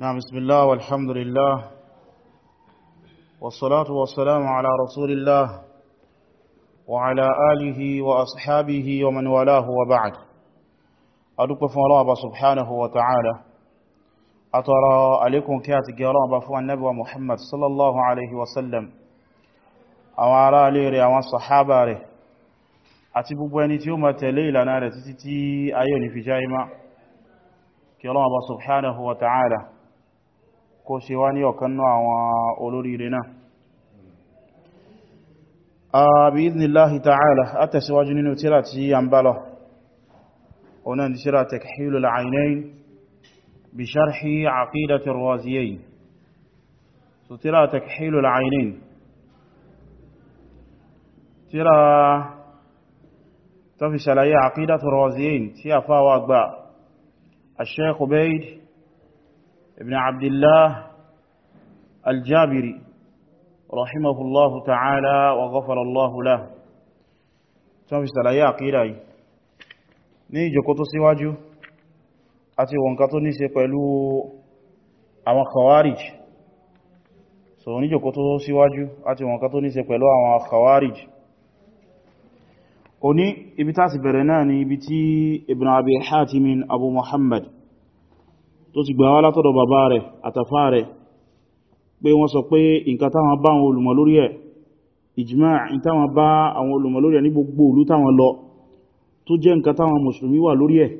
نعم بسم الله والحمد لله والصلاة والسلام على رسول الله وعلى آله وأصحابه ومن والاه وبعد أدوك فون الله سبحانه وتعالى أترى عليكم كاتك يا رب فون النبي محمد صلى الله عليه وسلم أوارى ليري أوان صحابة ري أتبقوا أن يتيوم تليل نار تتتي أيوني في جائمة كي الله سبحانه وتعالى kó ṣe wá ní ọ̀kan náà àwọn olóríire náà àbí ìdínláhì ta'ala a tẹ̀síwájú nínú tíra tí a ń bá lọ ọ̀nà tíra takhilul aynayn bí sharhi aqidatir raziyayn so tíra takhilul aynayn tíra tó fi ṣàlàyé aqidatir raziyayn tí a fáwà gbà الشيخ بيد ابن عبد الله الجابري رحمه الله تعالى وغفر الله له ثم في سلايا عقيدة ní ìjòkó tó síwájú àti wọ̀nká tó ní ṣe pẹ̀lú àwọn khawarij so ní ìjòkó tó síwájú àti wọ̀nká tó ní ṣe pẹ̀lú àwọn khawarij o ní ibi tá sì bẹ̀rẹ̀ náà ni ibi tí ibn abi hatimin abu muhammad tó ti gbà wá látọ̀dọ̀ bàbá rẹ̀ àtàfà rẹ̀ pé wọ́n sọ pé nǹkan táwọn bá àwọn olùmọ̀ lórí ẹ̀ ìjìmá ìtàwọn bá àwọn olùmọ̀ lórí ẹ̀ ní gbogbo ìlú táwọn lọ tó jẹ́ nǹkan táwọn mùsùlùmí wà lórí ẹ̀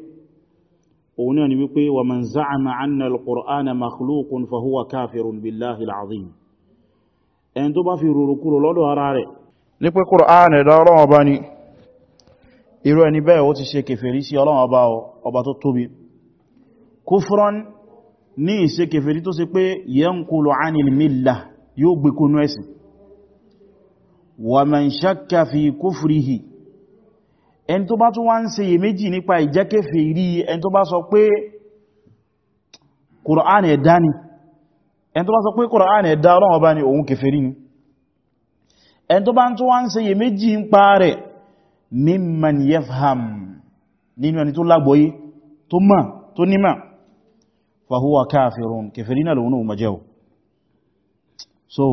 òun náà ni wípé wa man za'ama anna al-qur'ana makhluqun fa kúfúrán ní ìṣe kèfèrí tó ṣe pé yankulu anil milla yóò gbé kónú ẹ̀sìn wa man shakka fi kufrihi ẹni tó bá tún wá ń ṣe yè méjì nípa ìjẹ́kèfèrí ẹni tó bá sọ pé Qur'an ẹ̀dá ni ẹni tó bá sọ pé Qur'an ẹ̀dá Ọlọ́run ni òun kèfèrí ni ẹni tó bá ń tún wá ń ṣe yè méjì ń pa rẹ̀ mimman yafham nínú ẹni tó lágbọ́yé tó mọ̀ tó nímọ̀ fahuwa kafirun kèfèrí náà lòun náà so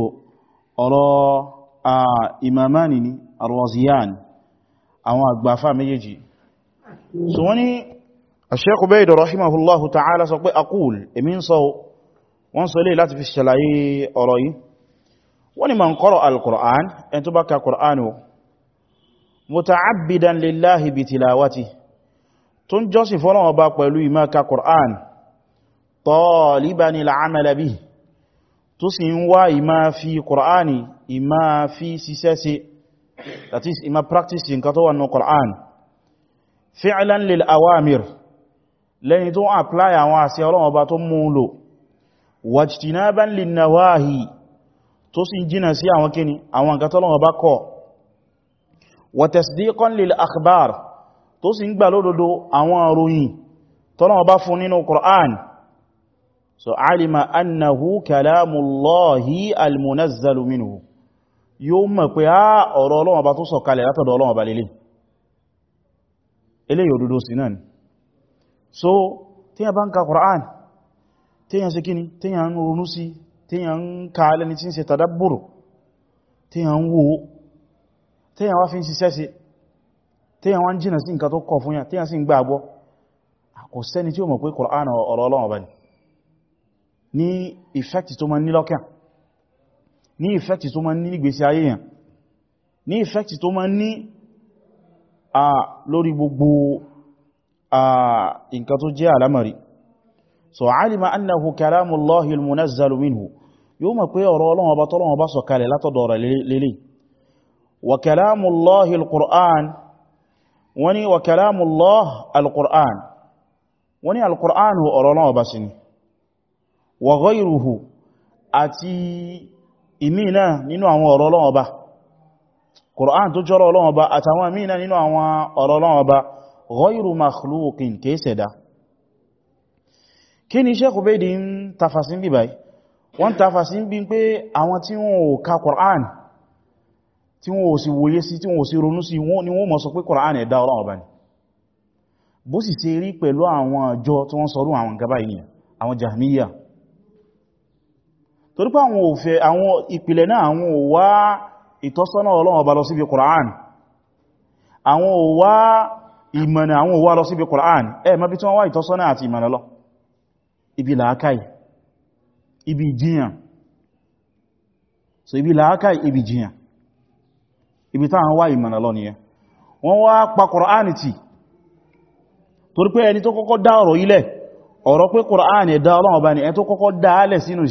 ọ̀rọ̀ a imamani ni arwaziyan àwọn àgbàfà méjèèjì so wani ash-Shaykh Ubayd rahimahullahu ta'ala sọ pé aqul èmi ń sọ wọ́n sọ lè láti fi ṣàlàyé ọ̀rọ̀ yìí wọ́n ni man qara'a al-Qur'an ẹn tó bá ka Qur'an o muta'abbidan lillahi bi tilawati tó ń jọ́sìn fọ́lọ́wọ́ bá pẹ̀lú ìmáka taliban al-amal bihi tó sì ń wá ìmá fi Qur'ani ìmá fi ṣiṣẹ́ sí that is ìmá practice nǹkan tó wà ní Qur'an fi'lan lil awamir lẹ́ni tó apply àwọn àṣẹ Ọlọ́run Ọba tó mú lò wajtinaban lin nawahi tó sì jìnà sí àwọn kíni àwọn nǹkan tó Ọlọ́run Ọba so alima annahu kalamullahi almunazzalu minhu yóò mọ̀ pé á ah, ọ̀rọ̀ Ọlọ́run Ọba tó sọ̀kalẹ̀ látọ̀dọ̀ Ọlọ́run Ọba lélẹ̀ eléyìí òdodo sí náà ni so tíyàn bá ń ka Qur'an tíyàn sí kíni tíyàn ń ronú sí tíyàn ń ka alẹ́ni tí ń ṣe tadabburu tíyàn ń wo tíyàn wá fi ń ṣiṣẹ́ sí tíyàn wá ń jìnà sí nǹkan tó kọ̀ fún yàn tíyàn sì ń gbàgbọ́ kò sẹ́ni tí ó mọ̀ pé Qur'an ọ̀rọ̀ Ọlọ́run Ọba ni ní ìfẹ́kì tó ma ní lọ́kàn ní ìfẹ́kì tó ma ní ìgbésí ayé yàn ní ìfẹ́kì tó ma ní à lórí gbogbo à nǹkan tó jẹ́ alamari so alima annahu kalamullahi almunazzalu minhu yóò mọ̀ pé ọ̀rọ̀ Ọlọ́run ọba tọ́lọ́run ọba sọ̀kalẹ̀ látọ̀dọ̀ rẹ̀ lélẹ̀ wa kalamullahi alquran wani wa kalamullahi alquran wani alquran ọ̀rọ̀ wa ghayruhu àti ìmìnà nínú àwọn ọ̀rọ̀ Ọlọ́run Ọba Qur'an tó jọ́rọ̀ Ọlọ́run Ọba àtàwọn ìmìnà nínú àwọn ọ̀rọ̀ Ọlọ́run Ọba ghayru makhluqin kéèsẹ̀dá kí ni Sheikh Ubaydi ń tafasin bí báyìí wọ́n tafasin bí pé àwọn tí wọ́n ò ka Qur'an tí wọ́n ò sì wòye sí tí wọ́n ò sì ronú sí ni wọ́n mọ̀ sọ pé Qur'an ẹ̀dá Ọlọ́run Ọba ni bó sì ṣe rí pẹ̀lú àwọn àjọ tí wọ́n sọrú àwọn gaba yìí àwọn jahmiya torí pé àwọn òfẹ́ àwọn ìpìlẹ̀ náà àwọn ò ìtọ́sọ́nà Ọlọ́run Ọba lọ síbi Kùránì àwọn ò ìmọ̀nà àwọn ò wá lọ síbi Kùránì ẹ mọ́ tí wọ́n wá ìtọ́sọ́nà àti ibi làákàí ibi ìjìyàn so ibi ibi ibi táwọn wá ìmọ̀nà lọ pa eni to koko da oro oro pe ni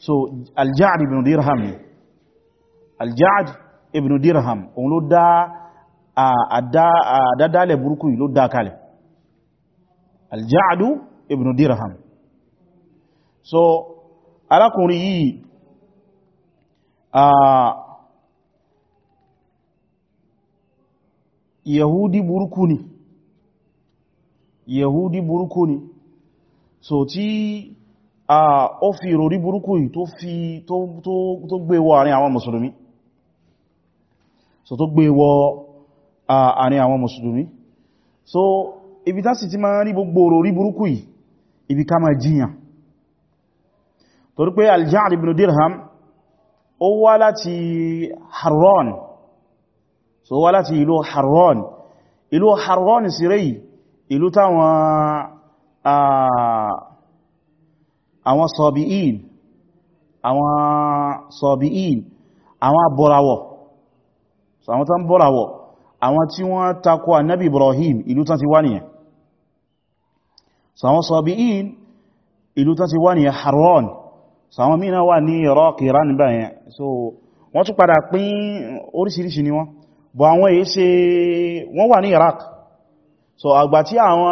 so alja'ad ibn dirham alja'ad ibn dirham òun ló dá àdádálẹ̀ burúkú yìí ló dá kalẹ̀ alja'ad ibn dirham so arákùnrin yìí yahudi burúkú ni yahudi burúkú ni so tí ó fi ìròrí burúkú yìí tó fi tó gbé wọ àárín àwọn mùsùlùmí so tó gbé wọ àárín àwọn mùsùlùmí so ibi tá sì ti máa rí gbogbo ìròrí burúkú yìí ibi ká máa jiyàn torí pé al ibn Dirham ó wá láti Harran so wá láti ìlú Harran ìlú Harran sí rẹ̀ ìlú táwọn àwọn sọ̀bìín àwọn sọ̀bìín àwọn abọ́rawọ̀ àwọn tán bọ́rawọ̀ àwọn tí wọ́n takò annabi Ibrahim ìlú tán ti wá nìyẹn sàwọn sọ̀bìín ìlú tán ti wá nìyẹn Harran sàwọn mìíràn wà ní Iraq Iran báyẹn so wọ́n tún padà pín oríṣiríṣi ni wọ́n bọ̀ àwọn èyí ṣe wọ́n wà ní Iraq so àgbà tí àwọn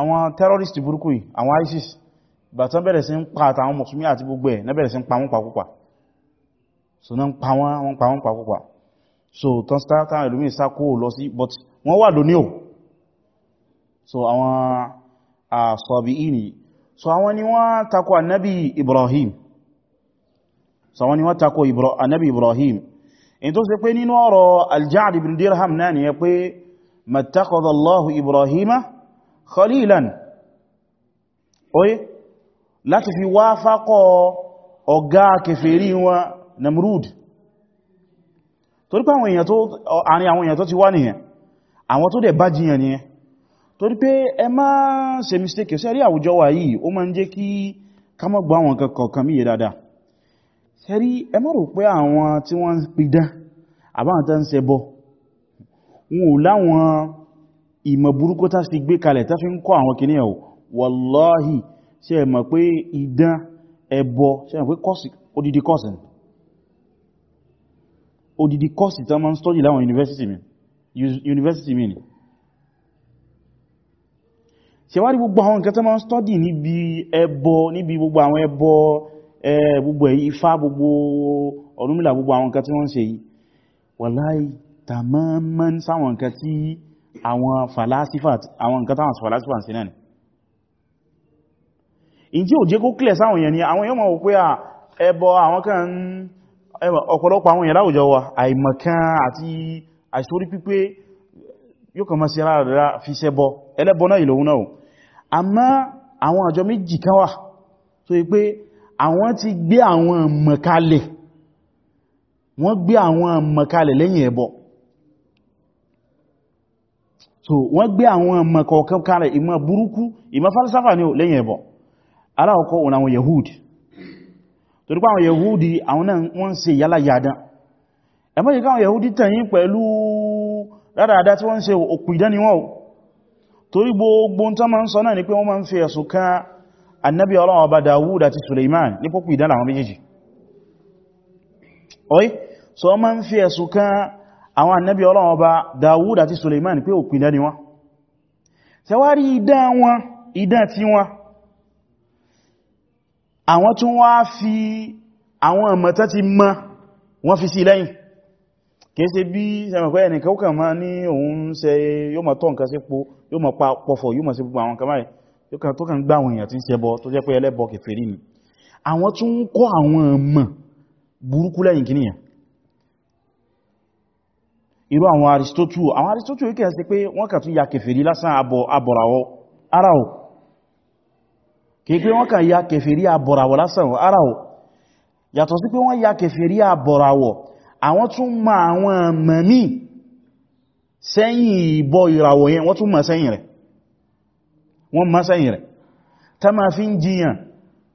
àwọn terrorist burúkú yìí àwọn ISIS bàtán bẹ̀rẹ̀ sí ń pa àtàwọn mùsùlùmí àti gbogbo ẹ̀ nẹ́bẹ̀rẹ̀ sí ń pa wọ́n pàkópa so náà ń pa wọ́n pa wọ́n pàkópa so tán státáwọn ìlú sákó lọ sí but wọ́n wà lóní ò so àwọn àsọ̀bí ìní so àwọn ni wọ́n takò annabi Ibrahim so àwọn ni wọ́n takò annabi Ibrahim in tó ṣe pé nínú ọ̀rọ̀ al-Ja'd ibn Dirham náà ni ya pé mattakhadha Ibrahima khalilan oye láti fi wá fákọ́ ọ̀gá kèfèrí wọn namrud torí pé àwọn èèyàn tó àrin àwọn èèyàn tó ti wá nìyẹn àwọn tó dẹ̀ bá jiyàn nìyẹn torí pé ẹ má se mistake ṣe rí àwùjọ wà yìí ó máa ń jẹ́ kí ká má gbọ́ àwọn kọ̀ọ̀kan míye dáadáa ṣe rí ẹ má rò pé àwọn tí wọ́n ń pidán àbáwọn tó ń ṣe bọ́ wọn ò láwọn ìmọ̀ burúkú tá ti gbé kalẹ̀ tá fi ń kọ́ àwọn kìnìyàn wallahi ṣé ẹ mọ̀ pé idán ẹbọ ṣé ẹ mọ̀ pé kọ́sì odidi kọ́sì odidi kọ́sì tán máa ń study láwọn university mi university mi ni ṣe wá rí gbogbo àwọn nǹkan tán máa ń study níbi ẹbọ níbi gbogbo àwọn ẹbọ gbogbo ifá gbogbo Ọ̀rúnmìlà gbogbo àwọn nǹkan tí wọ́n ń ṣe yìí wàláì tàmọ́mọ́ sáwọn nǹkan tí àwọn fàlásífà àwọn nǹkan táwọn fàlásífà ń ṣe náà ni in tí ò jẹ́ kó clear sáwọn èèyàn ni àwọn èèyàn mọ̀ pé ẹbọ àwọn kan ọ̀pọ̀lọpọ̀ àwọn èèyàn láwùjọ wa àìmọ̀kan àti àìsórí pípé yóò kàn máa sí aláàrá fi ṣẹbọ ẹlẹ́bọ náà ìlòun náà àmá àwọn àjọ méjì kan wà tó wọ́n gbé àwọn mọ̀kalẹ̀ lẹ́yìn so wọ́n gbé àwọn mọ̀kọ̀ọ̀kan kalẹ̀ ìmọ̀ burúkú ìmọ̀ falsafa ni ò lẹ́yìn ẹbọ aláwọ̀kọ́ òun àwọn yahudi Tori pé àwọn yahudi àwọn náà wọ́n se yálà yàdán ẹmọ́ yìí káwọn yahudi tẹ̀yìn pẹ̀lú rádàdá tí wọ́n ṣe òkú ìdániwọ́ torí gbogbo tó ma ń sọ náà ni pé wọ́n ma ń fi ẹ̀sùn kan annabi ọba dawud àti suleiman ní pọ́pù ìdán àwọn méjèèjì so ọba suleiman àwọn tún wá fi àwọn ọmọta ti mọ́ wọ́n fi sí lẹ́yìn kìí ṣe bí sẹ́mọ̀kọ́ ẹnìkan kàn máa ní òun ṣe yóò mọ̀ tọ́ nǹkan sí po yóò mọ̀ pọ̀fọ̀ yóò mọ̀ sí gbogbo àwọn kamáyì tó kàn gbá àwọn èèyàn tí ń ṣe bọ tó jẹ́ pé ẹlẹ́bọ kèfèrí ni àwọn tún ń kọ́ àwọn ọmọ burúkú lẹ́yìn kìníyàn irú àwọn Aristotle àwọn Aristotle kìí ṣe pé wọ́n kà tún ya kèfèrí lásán abọ̀ràwọ̀ ara ò kìí pé wọ́n kàn ya kèfèrí àbọ̀ràwọ̀ lásán ara ò yàtọ̀ sí pé wọ́n ya kèfèrí àbọ̀ràwọ̀ àwọn tún ma àwọn mẹ́mí sẹ́yìn ìbọ̀ ìràwọ̀ yẹn wọ́n tún ma sẹ́yìn rẹ̀ wọ́n ma sẹ́yìn rẹ̀ tá ma fi ń jiyàn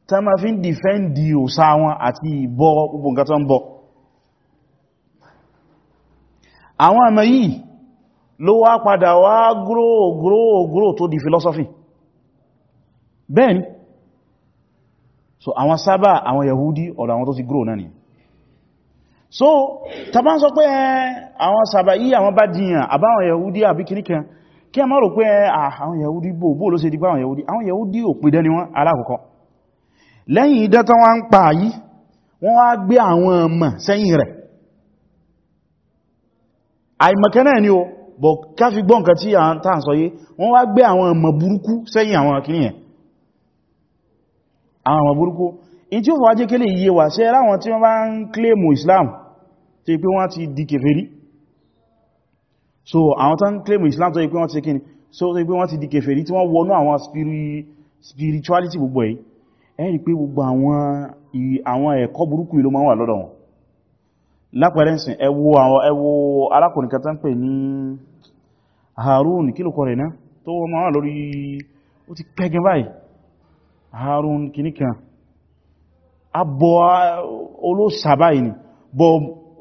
tá ma fi ń dìfẹ́ndì òsà wọn àti ìbọ̀ gbogbo philosophy bẹ́ẹ̀ni so àwọn sábà àwọn yahudi ọ̀dọ̀ àwọn tó ti grow náà ni so tàbá ń sọ pé eh, àwọn sábà yí àwọn bá dìyàn àbá yahudi àbí kìníkan kí a má rò pé eh, ah, àwọn yahudi bò bò ló ṣe di pé àwọn yahudi àwọn yahudi ò pè dẹ́ni wọn alákọ̀ọ́kọ́ lẹ́yìn idán tán ń pa yí wọ́n wá gbé àwọn ọmọ sẹ́yìn rẹ̀ àìmọ̀kẹ́ náà ni o bọ̀ ká fi gbọ́ nǹkan tí à ń tàn sọ yé wọ́n wá gbé àwọn ọmọ burúkú sẹ́yìn àwọn akìníyàn àwọn ọmọ burúkú in tí ó fọwá jẹ́ kélé iye wà ṣe láwọn tí wọ́n bá ń kílèmù islam tó yí pé wọ́n ti di kèfèrí so àwọn tán kílèmù islam tó yí pé wọ́n ti kíni so tó yí pé wọ́n ti di kèfèrí tí wọ́n wọnú àwọn spirituality gbogbo yìí ẹ rí pé gbogbo àwọn ẹ̀kọ́ burúkú ló máa wà lọ́dọ̀ wọn lápẹrẹnsìn ẹ wo àwọn ẹ wo alákùnrin Harun kílùkọ rẹ̀ náà tó wọ́n máa wà lórí harun kìníkan abọ́ olóòsàbáyì ni bọ̀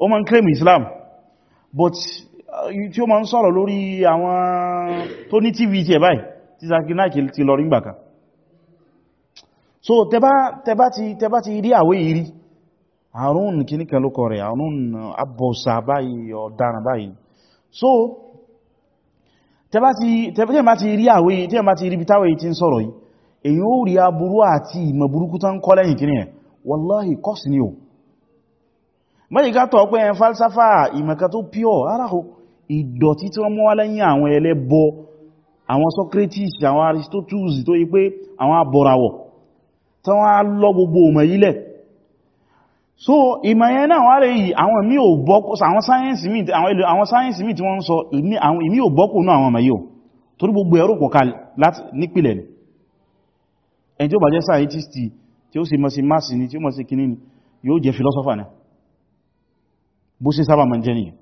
o ma ń claim islam but uh, tí ó ma ń sọ̀rọ̀ lórí àwọn tó ní tv tí ẹ̀ báyìí tí zakinaki ti lọ rí gbàkan so tẹba ti rí àwé ìrí harun kìníkan ló kọ rẹ̀ harun abọ́ sàbáyì ọ̀daràn báyìí so tẹba ti rí àwé tí ẹ̀ bá ti rí bí táwẹ̀ ń sọ̀rọ̀ yìí èyí ó rí aburú àti ìmọ̀ burúkú tán kọ́ lẹ́yìn kìíní ẹ̀ wallahi kọ́sì ni o mẹ́yìnká pé ẹn falsafa ìmọ̀ká tó pure aráhù ìdọ̀tí tí wọ́n mọ́ wá lẹ́yìn àwọn ẹlẹ́bọ àwọn Socrates àwọn Aristoteles tó yí pé so ìmọ̀ yẹn náà wá rẹ̀ yìí àwọn ìmí ò bọ́kù àwọn sáyẹ́nsì míì tí wọ́n ń sọ ìmí ò bọ́kù náà àwọn ọmọ yìí ò torí gbogbo ẹ̀rọ pọ̀kà nípìlẹ̀ ni ẹni tí ó bá jẹ́ scientist tí ó sì mọ́ sí mass ni tí ó mọ́ sí kìíní ni yóò jẹ́ philosopher náà bó sí sábà ma jẹ́ nìyàn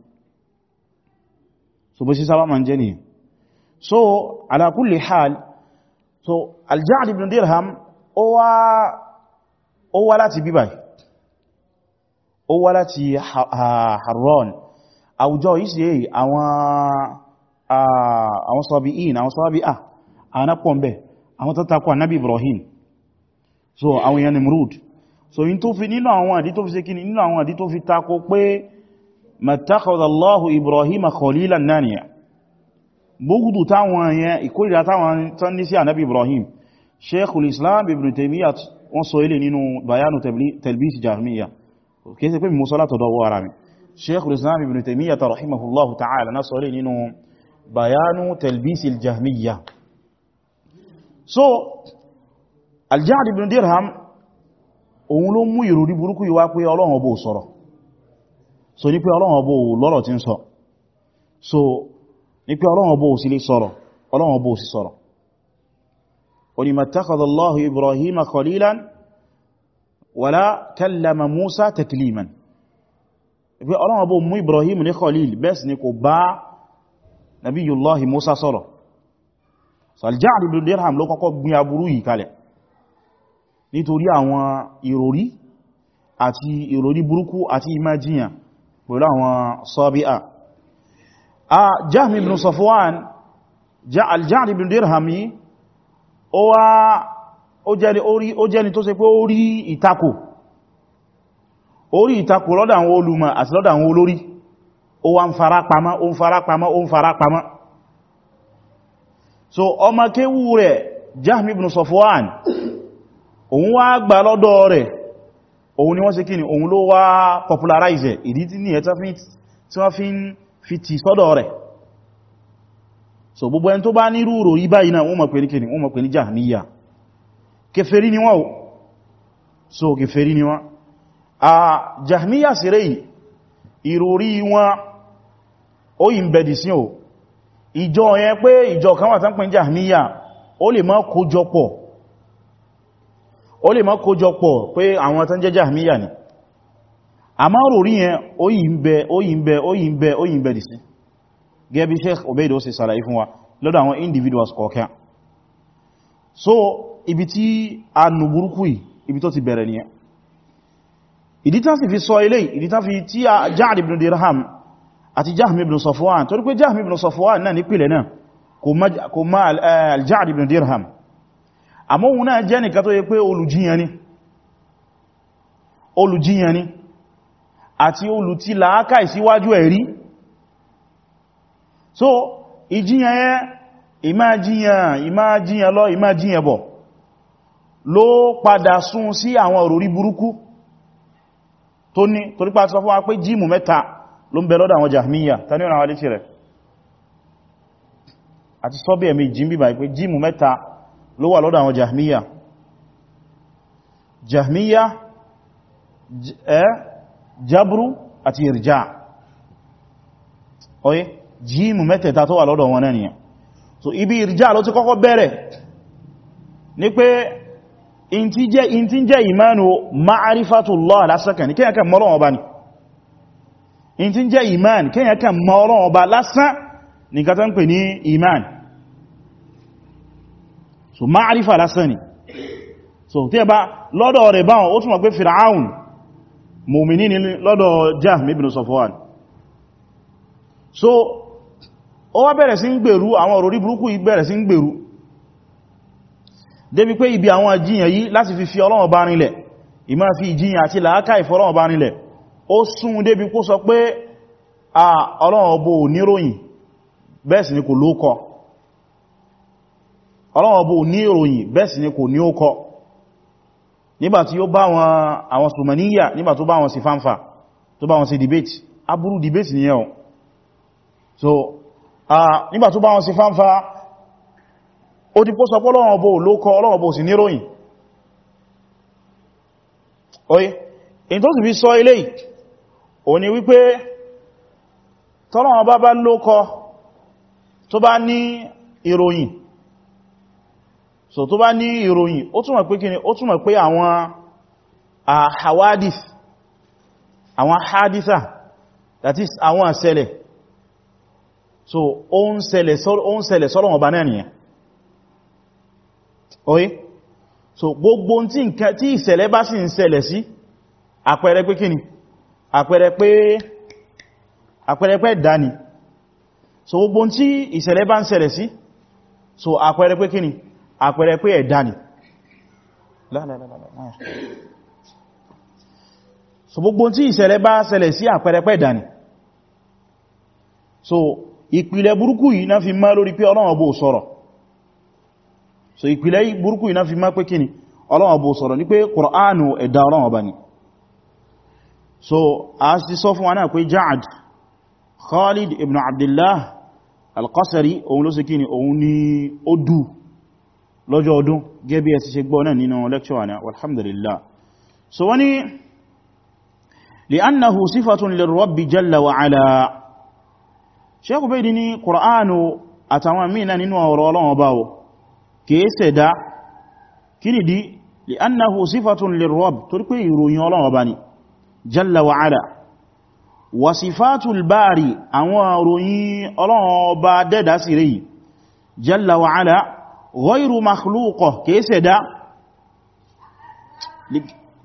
so bó sí sábà ma jẹ́ nìyàn so ala hal so al-Ja'd ibn Dirham ó wá láti bíbà ó wá láti Harran àwùjọ ìsìyẹ àwọn sọ́bí ah, in àwọn sọ́bí a, àwọn pọ̀m̀bẹ̀ àwọn tó tako Ànábì Ibrahim so àwọn èèyàn Nimrud so in tó fi nínú àwọn àdí tó fi ṣe kíni nínú àwọn àdí tó fi takò pé matakhadha Allahu Ibrahim khalilan naniya bókùdù táwọn èèyàn ìkórìíra táwọn tán ní sí ànábì Ibrahim Sheikhul Islam Ibn Taymiyyah wọ́n sọ ilé nínú bayanu talbis jahmiya kéèsẹ̀ pé mú sọ́lá tọ̀dọ̀ ara mi Sheikhul Islam Ibn Taymiyyah ta rahimahullahu ta'ala na sọ ilé nínú bayanu talbis jahmiya so al-Ja'd ibn Dirham òun ló mú ìròrí burúkú yìí wá pé Ọlọ́run ọbọ̀ sọ̀rọ̀ so ní pé Ọlọ́run ọbọ̀ lọ́rọ̀ tí ń sọ so ní pé Ọlọ́run ọbọ̀ sí lè sọ̀rọ̀ Ọlọ́run ọbọ̀ sí sọ̀rọ̀ ó ní mattakhadha Allahu Ibrahima khalilan wala kallama Musa takliman pé Ọlọ́run ọbọ̀ nítorí àwọn ìròrí àti ìròrí burúkú àti imajiyan pẹ̀lú àwọn sọ́bíà a Jahm ibn Safwan al-Ja'd ibn Dirhami ó wá ó jẹ́ni tó ṣe pé ó rí ìtakò ó rí ìtakò lọ́dọ̀ àwọn olùmọ̀ àti lọ́dọ̀ àwọn olórí o wá ń fara pamọ́ ó ń fara pamọ́ ó ń fara pamọ́ so ọmọ kéwú rẹ̀ Jahm ibn Safwan òun wá gbà lọ́dọ̀ rẹ̀ òun ni wọ́n se kíni òun ló wá popularize ìdí tí ní ẹ̀tọ́ tí wọ́n fi ń fi ti so gbogbo ẹni tó bá ní rúrò yí báyìí náà wọ́n mọ̀ pé ní kíni wọ́n mọ̀ ní so kèfèrí ni wọ́n a jahmiya sì o ijo ó lè má kójọ pọ̀ pé àwọn tán jẹ́ jahmiya ni a máa rò rí yẹn óyìnbẹ̀ óyìnbẹ̀ óyìnbẹ̀ óyìnbẹ̀ dì sí gẹ́bí Sheikh Obeid ó sì sàlàyé fún wa lọ́dọ̀ àwọn individuals kọ̀ọ̀kan so ibi tí a nù burúkú yìí ibi tó ti bẹ̀rẹ̀ nìyẹn ìdí tán sì fi sọ ilé ìdí tán fi tí a Ja'd ibn Dirham àti Jahm ibn Safwan torí pé ibn Safwan náà nípìlẹ̀ náà kò má eh, al ibn Dirham àmọ́ òun náà jẹ́ nìkan tó yẹ pé olùjíyàn ni olùjíyàn ni àti olùtí làákàì síwájú ẹ̀rí so ìjíyàn yẹn ìmájíyàn ìmájíyàn lọ ìmájíyàn bọ̀ ló padà sún sí àwọn òròrí burúkú tó ní torípa sọ fún wa pé jíìmù mẹ́ta ló ń bẹ lọ́dọ̀ àwọn jahmiya ta ní ọ̀nà àwọn alẹ́tì rẹ̀ àti sọ́bẹ̀ẹ̀mì jíìmù mẹ́ta ló wà lọ́dọ̀ àwọn jahmiya jahmiya ẹ jabru àti irja oye jíìmù mẹ́tẹ̀ta tó wà lọ́dọ̀ wọn náà nìyàn so ibi irja ló ti kọ́kọ́ bẹ̀rẹ̀ ní pé in ti jẹ́ ìmánu ma'arifatullah lásàkà ní kíyàkà mọ́lọ́wọ́ bá ní in ti jẹ́ ìmán kíyàkà mọ́lọ́wọ́ bá lásán ní kátán pè ní so ma'arifa lásán ni so tí ẹ bá lọ́dọ̀ rẹ̀ báwọn ó túnmọ̀ pé fir'aun mùmìnì ni lọ́dọ̀ Jahm ibn Safwan so ó wá bẹ̀rẹ̀ sí ń gbèrú àwọn òròrí burúkú yìí bẹ̀rẹ̀ sí ń gbèrú débi pé ibi àwọn àjíyàn yìí láti fi fi Ọlọ́run bá rinlẹ̀ ìmá fi ìjíyàn àti làákà ìfọ́lọ́run bá rinlẹ̀ ó sún ọlọ́wọ́ bó ní ìròyìn bẹ́ẹ̀ sì ni kò ní ó kọ nígbàtí ó bá wọn àwọn sùmọ̀níyà nígbà tó bá wọn sí fanfa tó bá wọn sí debate aburú debate ni yẹn so nígbà tó bá wọn sí fanfa ó ti pọ́ sọ pé ọlọ́wọ́ bó ló kọ ọlọ́wọ́ bó sì ní ìròyìn oye in tó sì fi sọ ilé ò ní wípé tọ́lọ́wọ́ bá bá ló kọ tó bá ní ìròyìn so tó bá ní ìròyìn ó túnmọ̀ pé kíni ó túnmọ̀ pé àwọn hawadis àwọn hadisa that is àwọn sele, so on sele, ṣẹlẹ̀ sọ́lọ̀ ọba náà nìyàn oye so gbogbo tí ìṣẹ̀lẹ̀ bá sì ń ṣẹlẹ̀ sí àpẹẹrẹ pé kíni àpẹẹrẹ pé àpẹẹrẹ pé dání so gbogbo nti ìṣẹ̀lẹ̀ bá ń ṣẹlẹ̀ sí so àpẹẹrẹ pé kíni àpẹẹrẹ pé ẹ̀dá ni so gbogbo tí ìṣẹ̀lẹ̀ bá ṣẹlẹ̀ sí àpẹẹrẹ pé ẹ̀dá ni so ìpìlẹ̀ burúkú yìí náà fi má lórí pé Ọlọ́run bó sọ̀rọ̀ so ìpìlẹ̀ burúkú yìí náà fi má pé kíni Ọlọ́run bó sọ̀rọ̀ ní pé Kùránù ẹ̀dá Ọlọ́run ọba ni so a ti sọ fún wa náà pé Ja'ad Khalid ibn Abdullah al-Qasari òun ló sì kíni òun ni ó dùn lọ́jọ́ ọdún gẹ́bí ẹsì ṣe gbọ́ náà nínú lecture náà alhamdulillah so wani li'annahu sifatun lirrabbi jalla wa ala sheikh baydi ni qur'anu àtàwọn mìíràn nínú ọ̀rọ̀ ọlọ́wọ́ báwo kìí ṣẹ̀dá kínìdí li'annahu sifatun lirrabb torí pé ìròyìn ọlọ́wọ́ bá ni jalla wa ala wa sifatul bari àwọn ìròyìn ọlọ́wọ́ bá dẹ́dà sí rí jalla wa ala غير مخلوقه كيسه دا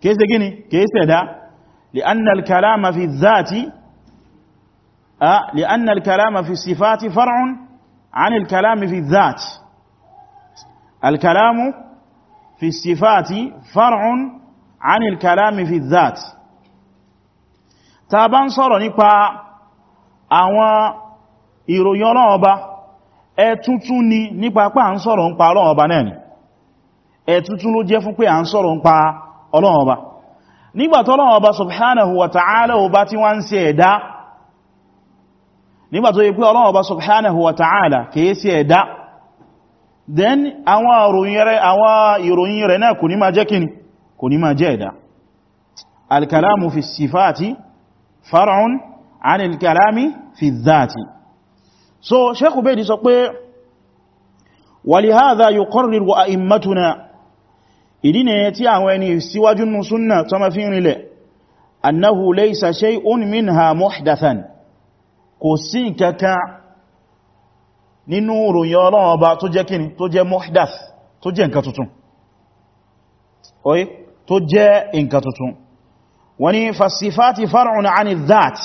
كيسه gini كيسه دا لان الكلام في الذات ا آه، لان الكلام في الصفات فرع عن الكلام في الذات الكلام في الصفات فرع عن الكلام في الذات تابان صورة نقبع اوان ايرو يولو ẹ̀tútún ni nípa pé à ń sọ̀rọ̀ ń pa ọlọ́run ọba náà ni ẹ̀tútún ló jẹ́ fún pé à ń sọ̀rọ̀ ń pa ọlọ́run ọba nígbàtí ọlọ́run ọba subhanahu wa ta'ala ọba tí wọ́n ń ṣe ẹ̀dá nígbàtí ọlọ́run ọba subhanahu wa ta'ala kìí ṣe ẹ̀dá so sheikh ubedi sọ pé walihadha yuqarriru a'immatuna ìdí ne tí àwọn ẹni síwájú nù súnnà tó ma fi ń rinlẹ̀ annahu laysa shay'un minha muhdathan kò sí kaka nínú ròyìn ọlọ́run ọba tó jẹ́ kíni tó jẹ́ muhdath tó jẹ́ nǹkan tuntun oye tó jẹ́ nǹkan tuntun wani fasifati far'un 'ani dhat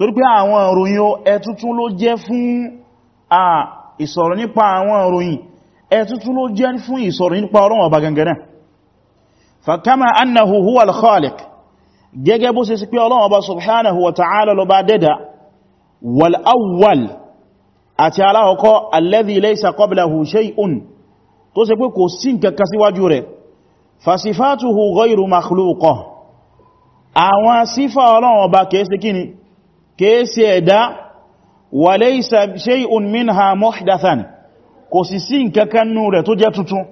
torí pé àwọn ìròyìn ẹ̀tútún ló jẹ́ fún ìsọ̀rọ̀ nípa àwọn ìròyìn ẹ̀tútún ló jẹ́ fún ìsọ̀rọ̀ nípa Ọlọ́run Ọba gangan fakama annahu huwa al-khaliq gẹ́gẹ́ bó ṣe sí pé Ọlọ́run Ọba subhanahu wa ta'ala ló bá dẹ́dà wal awwal àti aláhọ́kọ́ alladhi laysa qablahu shay'un tó ṣe pé àwọn sífà Ọlọ́run Ọba kìí sí kéèsì ẹ̀dá wa laysa shay'un minha muhdathan kò sì sí nkankanú rẹ̀ tó jẹ́ tuntun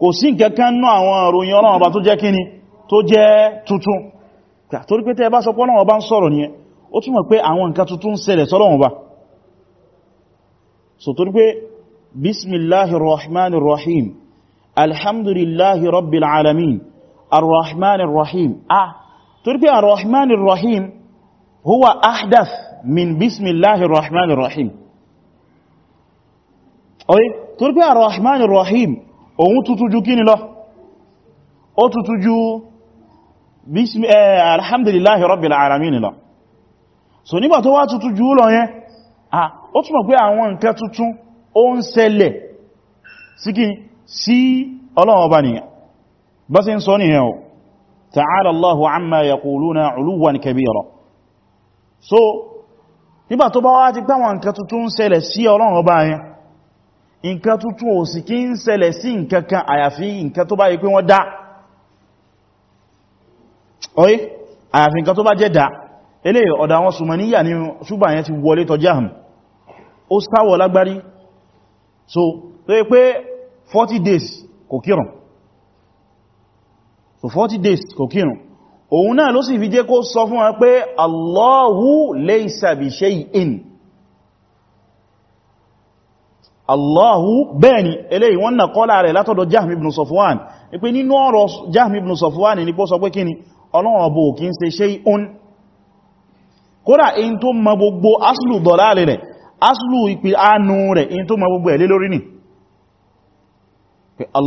kò sí nkankanú àwọn ìròyìn ọ̀rọ̀ ọba tó jẹ́ kíni tó jẹ́ tuntun torí pé tẹ́ bá sọ pọ́nà ọba ń sọ̀rọ̀ nìyẹn ó túnmọ̀ pé àwọn nǹkan tuntun ń ṣẹlẹ̀ sọ́rọ̀ ọba so torí pé bismillahir rahmanir rahim alhamdulillahi rabbil alamin arrahmanir rahim ah torí pé ar-Rahman ar-Rahim huwa ahdath min bismillah ar-Rahman ar-Rahim oye torí pé ar-Rahman ar-Rahim ohun tutu ju kíni lọ ó tutu ju eh, alhamdulillahi rabbil alamin lọ so nígbà tó wá tutu ju lọ yẹn ah ó túnmọ̀ pé àwọn nǹkan tuntun ó ń ṣẹlẹ̀ sí kí sí Ọlọ́run bá sí ń sọ nìyàn o ta'ala الله عما يقولون علوا kabira so nígbà tó bá wá ti gbáwọn nǹkan tuntun ń ṣẹlẹ̀ sí ọlọ́run ọba yẹn nǹkan tuntun ò sì kí ń ṣẹlẹ̀ sí nǹkan kan àyàfi nǹkan tó bá yí pé wọ́n dá oye àyàfi nǹkan tó bá jẹ́ dá ilé ọ̀dá wọn ni ṣùgbà yẹn ti wọlé tọjá hàn ó sáwọ̀ lágbárí so tó yí pé 40 days kò kírùn so 40 days kò kírun òun náà ló sì fi jẹ́ kó sọ fún wa pé Allahu laysa bi shay'in Allahu bẹ́ẹ̀ni eléyìí wọ́n náà kọ́lá rẹ̀ látọ̀dọ̀ Jahm ibn Safwan ní pé nínú ọ̀rọ̀ Jahm ibn sọ pé kíni Ọlọ́run gbogbo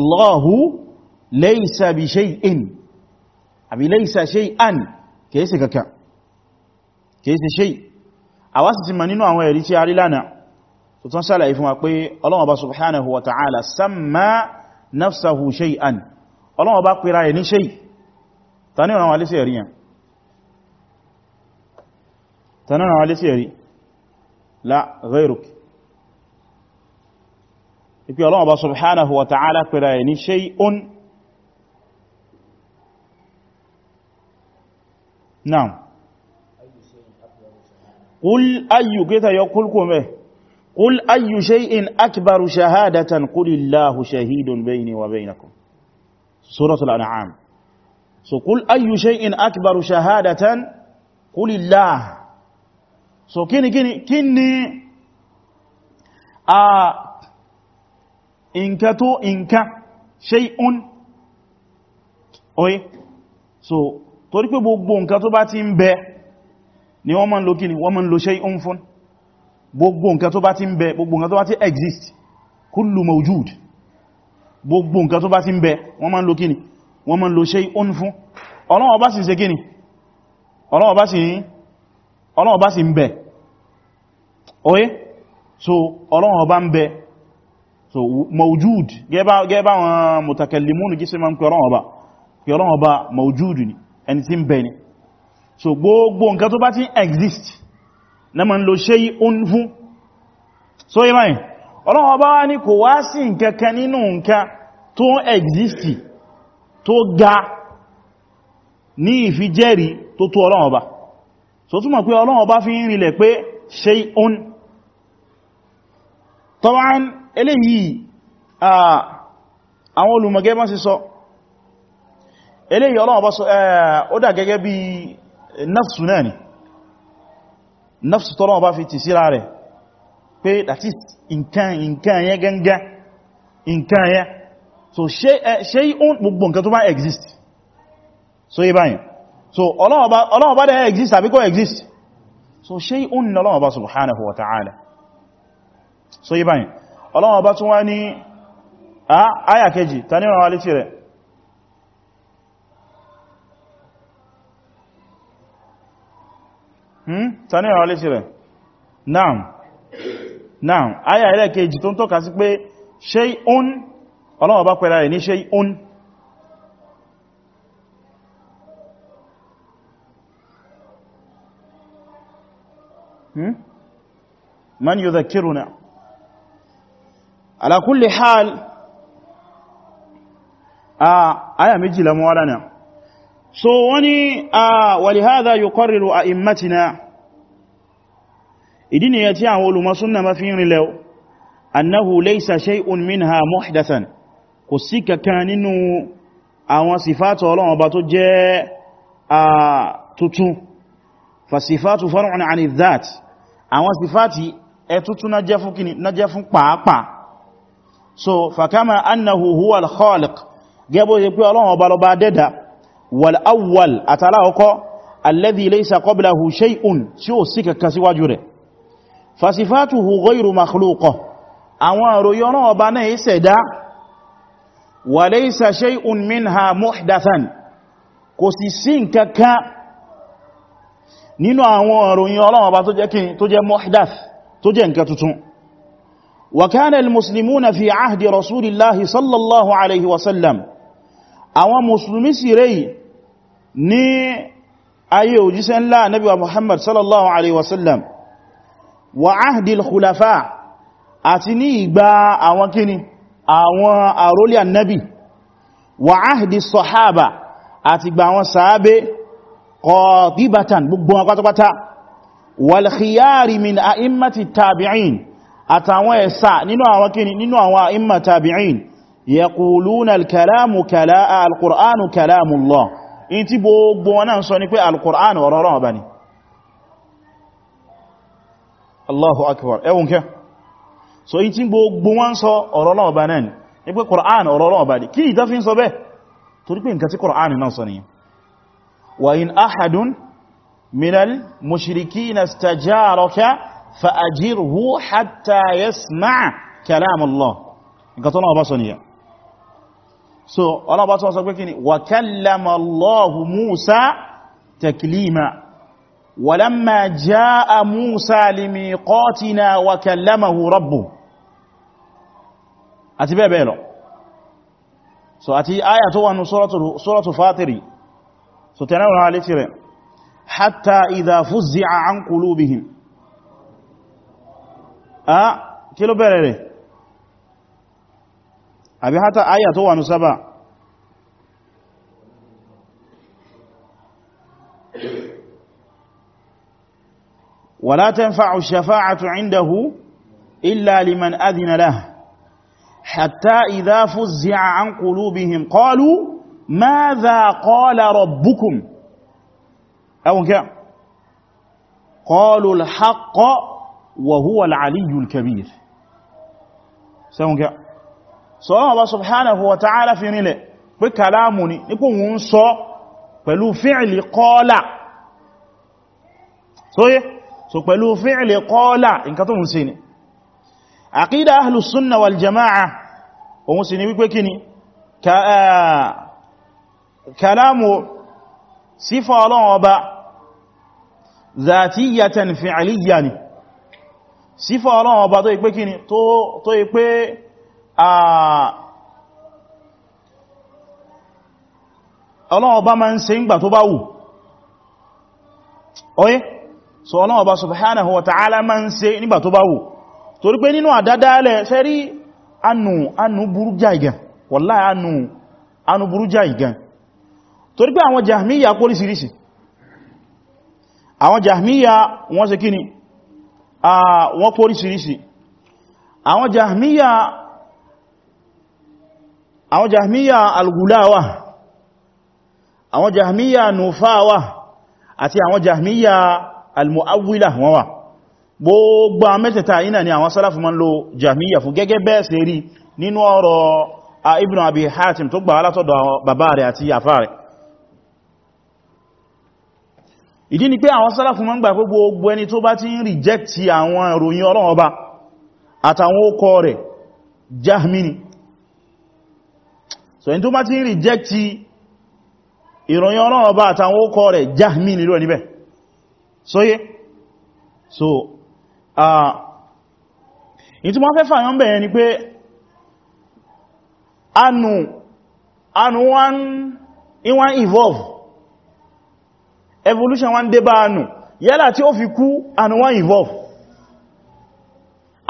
ni laysa bi shay'in àbí laysa shay'an kìí sí kankan kìí sí shay àwa sì ti ma nínú àwọn ẹ̀rí tí a rí lánàá tó tán sálàyé fún wa pé Ọlọ́hun Ọba subhanahu wa ta'ala samma nafsahu shay'an Ọlọ́hun Ọba pèrà ẹ̀ ní shay ta ní ọ̀nà wà lé sí ẹ̀rí yẹn tanana wa lesi eri la ghayruk ipi Ọlọ́run Ọba subhanahu wa ta'ala pẹ̀lẹ̀ ní shay'un náà kúl ayyù gẹ́ta yọ kúlkù mẹ́ kúl ayyù shay'in akbaru shahadatan kulillahu shahidun bayni wa baynakum suratul an'am so kúl ayyù shay'in akbaru shahadatan kulillah so kíni kíni kíni a nǹkan tó nǹkan shay'un oye so torí pé gbogbo nǹkan tó bá ti ń bẹ ni wọ́n máa ń lo kí ni wọ́n máa ń lo shay'un fún gbogbo nǹkan tó bá ti ń bẹ gbogbo nǹkan tó bá ti exist kullu mawjud gbogbo nǹkan tó bá ti ń bẹ wọ́n máa ń ni wọ́n máa ń lo fún Ọlọ́run ọba sì ń ṣe kí so Ọlọ́run ọba so mawjud gẹ́bá wọn mutakallimun kí sí ma ń pẹ̀rọ ọba pẹ̀rọ ọba ni ẹni tí ń bẹ ni so gbogbo nǹkan tó bá ti exist na ma ń lo ṣe yíún fún so yí báyìí ọlọ́wọ́ bá wá ní kò wá sí nǹkan nínú nǹkan tó exist tó ga ní ìfijẹ́rí tó tó ọlọ́wọ́ so túnmọ̀ pé ọlọ́wọ́ fi ń rinlẹ̀ pé ṣe yíún tọ́wọ́n eléyìí àwọn olùmọ̀gẹ́ bá sì sọ so, eléyìí Ọlọ́run bá sọ ó dà gẹ́gẹ́ bí nafsu náà ni nafsu tọ́lọ́run bá fi tì síra rẹ̀ pé that is nǹkan nǹkan yẹn gangan nǹkan yẹn so ṣe ìhún gbogbo nǹkan tó bá exist so yí báyìí so Ọlọ́run bá dẹ̀ exist àbí kò exist so ṣe ìhún ni Ọlọ́run bá subhanahu wa ta'ala so yí báyìí Ọlọ́run tún wá ní àyà kejì ta ní rẹ̀ Hmm? tani ọ̀rọ̀ léṣe rẹ̀ naam naam aya ilẹ̀ kejì tó ń tọ́ka sí pé shay'un ọlọ́wọ́ bá pẹ̀lá rẹ̀ ní shay'un hmm? man yudhakkiruna ala kulli hal a ah, aya méjì lamuwa lánàá so wọ́n ni a ah, walihada yuqarriru a'immatina ìdí ni ya tí àwọn olùmọ́súnnà mafi rinlẹ̀ annahu laysa shay'un minha muhdathan kò sí kankan nínú àwọn sifatu Ọlọ́run Ọba tó jẹ́ a ah, tuntun fa sifatu far'un 'ani dhat àwọn sifati ẹ tuntun na jẹ́ fún kini na jẹ́ fún so fa kama annahu huwa al-khaliq gẹ́bọ́ ṣe pé Ọlọ́run Ọba ló bá dẹ́dàá wal-awwal àtàláwọ́kọ́ alladhi laysa qablahu shay'un tí ó sí kankan síwájú rẹ̀ fasifatuhu ghayru makhluqa àwọn àròyìn ọ̀nà ọba náà yí ṣẹ̀dá wa laysa shay'un minha muhdathan kò sì sí nkankan nínú àwọn àròyìn ọ̀nà ọba tó jẹ́ kí tó jẹ́ muhdath tó jẹ́ nǹkan tuntun wa kana al-muslimuna fi ahdi rasulillahi sallallahu alaihi wasallam àwọn musulmi sì rẹ̀ ní ayé òjíṣẹ́ ńlá Ànábì wa Muhammad sallallahu alaihi wasallam wa ahdil khulafa àti ní ìgbà àwọn kíni àwọn àrólé Ànábì wa ahdis sahaba àti gbà àwọn sàábé qatibatan gbogbo wọn pátápátá wal khiyari min a'immati tabi'in àtàwọn ẹ̀sà nínú àwọn kíni nínú àwọn a'imma tabi'in yaquluna al-kalamu kala al-qur'anu kalamu Allah in tí gbogbo wọn náà sọ ní pé alkùrán ọ̀rọ̀ ọ̀rọ̀ ọ̀bá ni allahu akbar ẹwùn kẹ́ so in tí gbogbo wọn sọ ọ̀rọ̀ ọ̀bá náà ni ní pé kùrán ọ̀rọ̀ ọ̀bá ni kí ìdá fi ń sọ bẹ́ẹ̀ torí pé nǹkan tí kùrán náà sọ nìyẹn wa so ọlọ́bá tó sọ pé kí ni wa kallama Allahu Musa taklima walamma jaa Musa limiqatina wa kallamahu rabbuh àti bẹ́ẹ̀ bẹ́ẹ̀ lọ so àti aya tó wà ní suratu Fatiri so àbí hátà ayà tó wà ní sábà wala tanfa'u shafa'atu 'indahu illa liman adhina lahu hatta idha fuzzi'a 'an qulubihim qalu madha qala rabbukum awon kya qalu al-haqqa wa huwa al-'aliyyul kabir sawon kya so Ọlọ́run Ọba subhanahu wa ta'ala fi rinlẹ̀ pé kàlámù ni nípò wọ́n sọ pẹ̀lú fi'li qala so yé so pẹ̀lú fi'li qala nǹkan tó mú sí ni aqida ahlus sunna wal jama'a òun sì ni wípé kí ni kàlámù sífà Ọlọ́run zàtíyàtàn fi'liyyà ni sífà Ọlọ́run tó yí kí ni tó yí ọlọ́wọ́ ọba ma ń ṣe ìgbà tó bá wù oye so ọlọ́wọ́ bá subhanahu wa ta'ala máa ń ṣe nígbà tó bá wù torí pé nínú àdádálẹ̀ sẹ́rí anù anu buru jàìgàn wallahi anù anù burú jàìgàn torí pé àwọn jahmiya kó lísìírísì àwọn jahmiya wọ́n ṣe kíni wọ́n kó lísìírísì àwọn jahmiya àwọn jahmiya algulawa àwọn jahmiya nufawa àti àwọn jahmiya almu'awwila wọn wà gbogbo mẹ́tẹ̀ta iná ni àwọn sálàfù ma ń lo jahmiya fún gẹ́gẹ́ bẹ́ẹ̀ sí rí nínú ọ̀rọ̀ a ibn abi hatim tó gbà látọ̀dọ̀ bàbá rẹ̀ àti àfá rẹ̀ ìdí ni pé àwọn sálàfù ma ń gbà gbogbo ẹni tó bá ti ń rìjẹ́kti àwọn ìròyìn Ọlọ́run Ọba àtàwọn ó kọ rẹ̀ jahmini so in tó bá ti ń reject ìròyìn ọlọ́run ọba àtàwọn ókọ rẹ̀ jahmi nílò níbẹ̀ sóyé so in tó máa fẹ́ fàyán bẹ̀yẹn ni pé anu anu wọ́n wọ́n evolve evolution wọ́n dé bá anu yálà tí ó fi kú anu wọ́n evolve